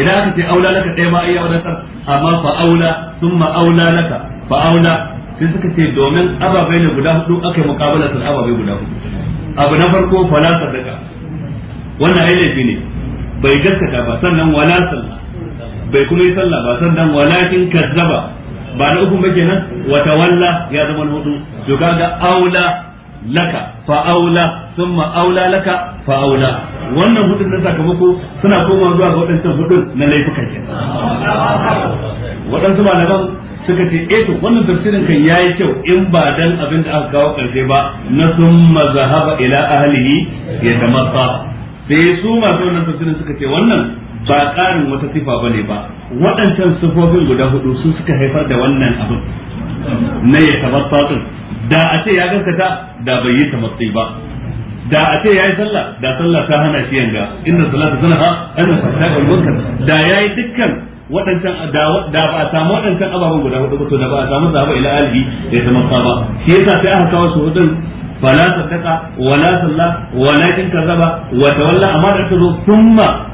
idan aka ce aula laka ɗaya ma iya wadatar amma fa aula thumma aula laka fa aula sai suka ce domin ababai ne guda hudu aka yi mukabalar ababai guda hudu abu na farko fala sadaka wannan ai laifi ne bai gaskata ba sannan wala sallah bai kuma yi sallah ba sannan walakin kazzaba ba na uku muke nan wata walla ya zama na hudu to kaga aula laka fa aula thumma aula laka fa aula wannan hudun na sakamako suna koma zuwa ga waɗancan hudun na laifukan ke waɗansu malaman suka ce eh to wannan tafsirin kan yayi kyau in ba dan abin da aka kawo karshe ba na summa zahaba ila ahlihi ya tamassa da ya su masu wannan tafsirin suka ce wannan ba ƙarin wata sifa ba ne ba waɗancan sifofin guda hudu su suka haifar da wannan abin na ya tabattatun da a ce ya gaskata da bai yi tabattai ba da a ce ya yi sallah da sallah ta hana shi yanga inna salata tanaha ana fata ga munkar da ya yi dukkan waɗancan da ba a samu waɗancan ababen guda hudu ba to da ba a samu sahaba ila alihi ya zama ba shi yasa sai aka kawo su hudun fala sakata wala salla walakin kazaba wa tawalla amma da ta zo summa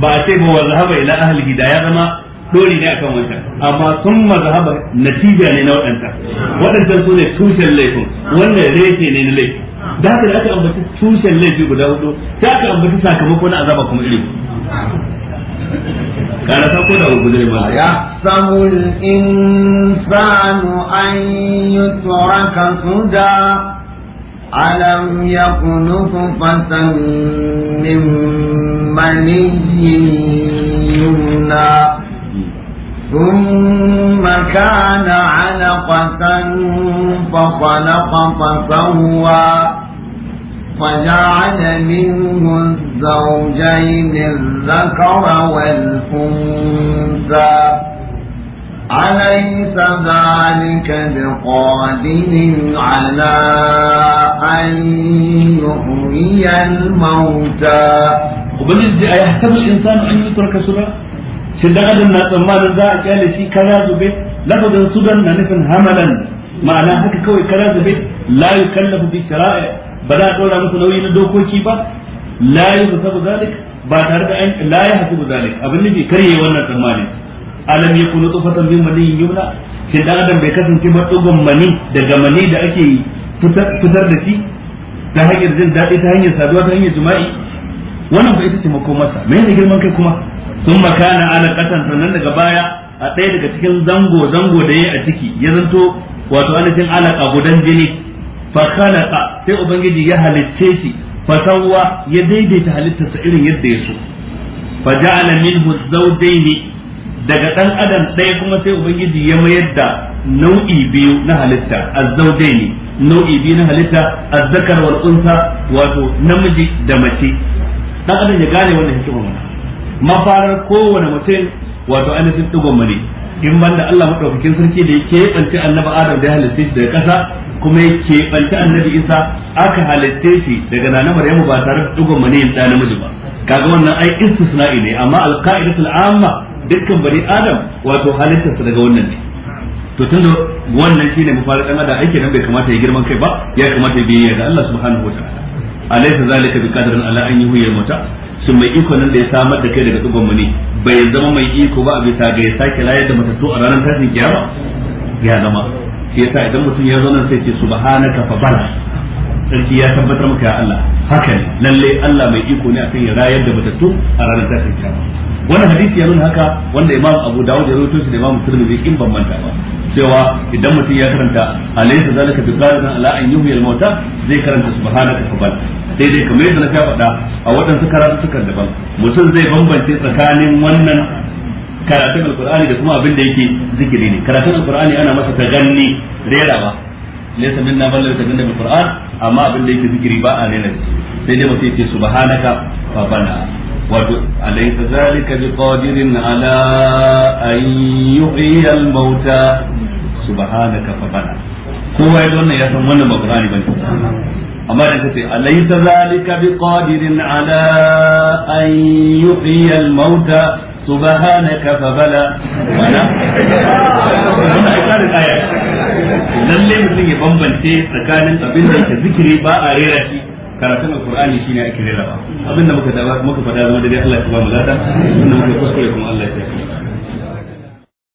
ba a ce ba wa zahaba ila ahlihi da ya zama dori ne akan wancan amma summa zahaba natija ne na wadanta wadannan su ne tushen laifin wannan reke ne na laifin da haka da aka ambaci tushen laifi guda hudu sai aka ambaci sakamako na azaba kuma iri
kana ta koda da zai ba ya samu insanu an yutraka suda ألم يكن نطفة من مني يمنى ثم كان علقة فخلق فسوى فجعل منه الزوجين الذكر والأنثى أليس ذلك بقادر على أن يحيي الموتى وبنجي أيحسب الإنسان أن يترك سبا شدغد
الناس ما نزاع قال شيء كذا زبيت لفظ سبا نفن هملا معناه هكا كوي كذا زبيت لا يكلف بالشرائع بلا دورا مثل لو يندو كوشي لا يحسب ذلك بعد هذا لا يحسب ذلك أبنجي كريه وانا تمالي alam kunu tufatan min maniyin yumna shin dan adam bai kasance ba mani daga mani da ake fitar da shi ta hanyar jin daɗi ta hanyar saduwa ta hanyar jima'i wannan ba ita ce masa. me ne girman kai kuma sun makana ana ƙasan sannan daga baya a ɗaya daga cikin zango zango da ya a ciki ya zanto wato ana ainihin alaka gudan jini fa khalaqa sai ubangiji ya halicce shi fa sawwa ya daidaita halittarsa irin yadda ya so fa ja'ala minhu zawjayn daga dan adam ɗaya kuma sai ubangiji ya mayar da nau'i biyu na halitta azzaujaini nau'i biyu na halitta azzakar wal unsa wato namiji da mace dan adam ya gane wannan hikima mana mafarar kowane mutum wato ainihin digon mane in banda Allah madaukakin sarki da yake keɓance annabi Adam da ya halitta shi daga ƙasa kuma ya keɓance annabi Isa aka halitta shi daga nana Maryamu ba tare da digon mane ɗan namiji ba kaga wannan ai istisna'i ne amma alqa'idatul amma dukkan bani adam wato halittar su daga wannan ne to tun da wannan shine mu mafarin dan da ake nan bai kamata ya girman kai ba ya kamata ya biyayya ga Allah subhanahu wa ta'ala alaysa zalika bi qadrin ala an yuhiya mata sun mai iko nan da ya samar da kai daga dugon mani bai zama mai iko ba a bisa ga ya sake layar da matattu a ranar tashin kiyama ya zama shi yasa idan mutum ya zo nan sai ce subhanaka fa bala sarki ya tabbatar maka ya Allah haka ne lalle Allah mai iko ne akan ya rayar da matattu a ranar tashin kiyama Wani hadisi ya nuna haka wanda imam abu dawud ya rawaito shi da imam tirmidhi in ban manta ba cewa idan mutum ya karanta alaysa zalika bi qadir ala an yuhyi al mota zai karanta subhanaka fabal sai dai kamar yadda na ta faɗa a waɗansu karatu sukan daban mutum zai bambance tsakanin wannan karatun alqur'ani da kuma abin da yake zikiri ne karatun alqur'ani ana masa ta ganni rera ba laysa minna man laysa minna bil qur'an amma abin da yake zikiri ba a rera sai dai mutum ya ce subhanaka fabana wato alaysa zalika biqadirin ya wannan ya san wannan ba qur'ani bane amma da kace alaysa zalika biqadirin ala an yuhyi al-mauta subhanaka ya bambance tsakanin zikiri ba a karatun shi shine ake rera abinda muka da fada zama da Allah ya ba mu lada inda muka kuskure kuma Allah ya tafi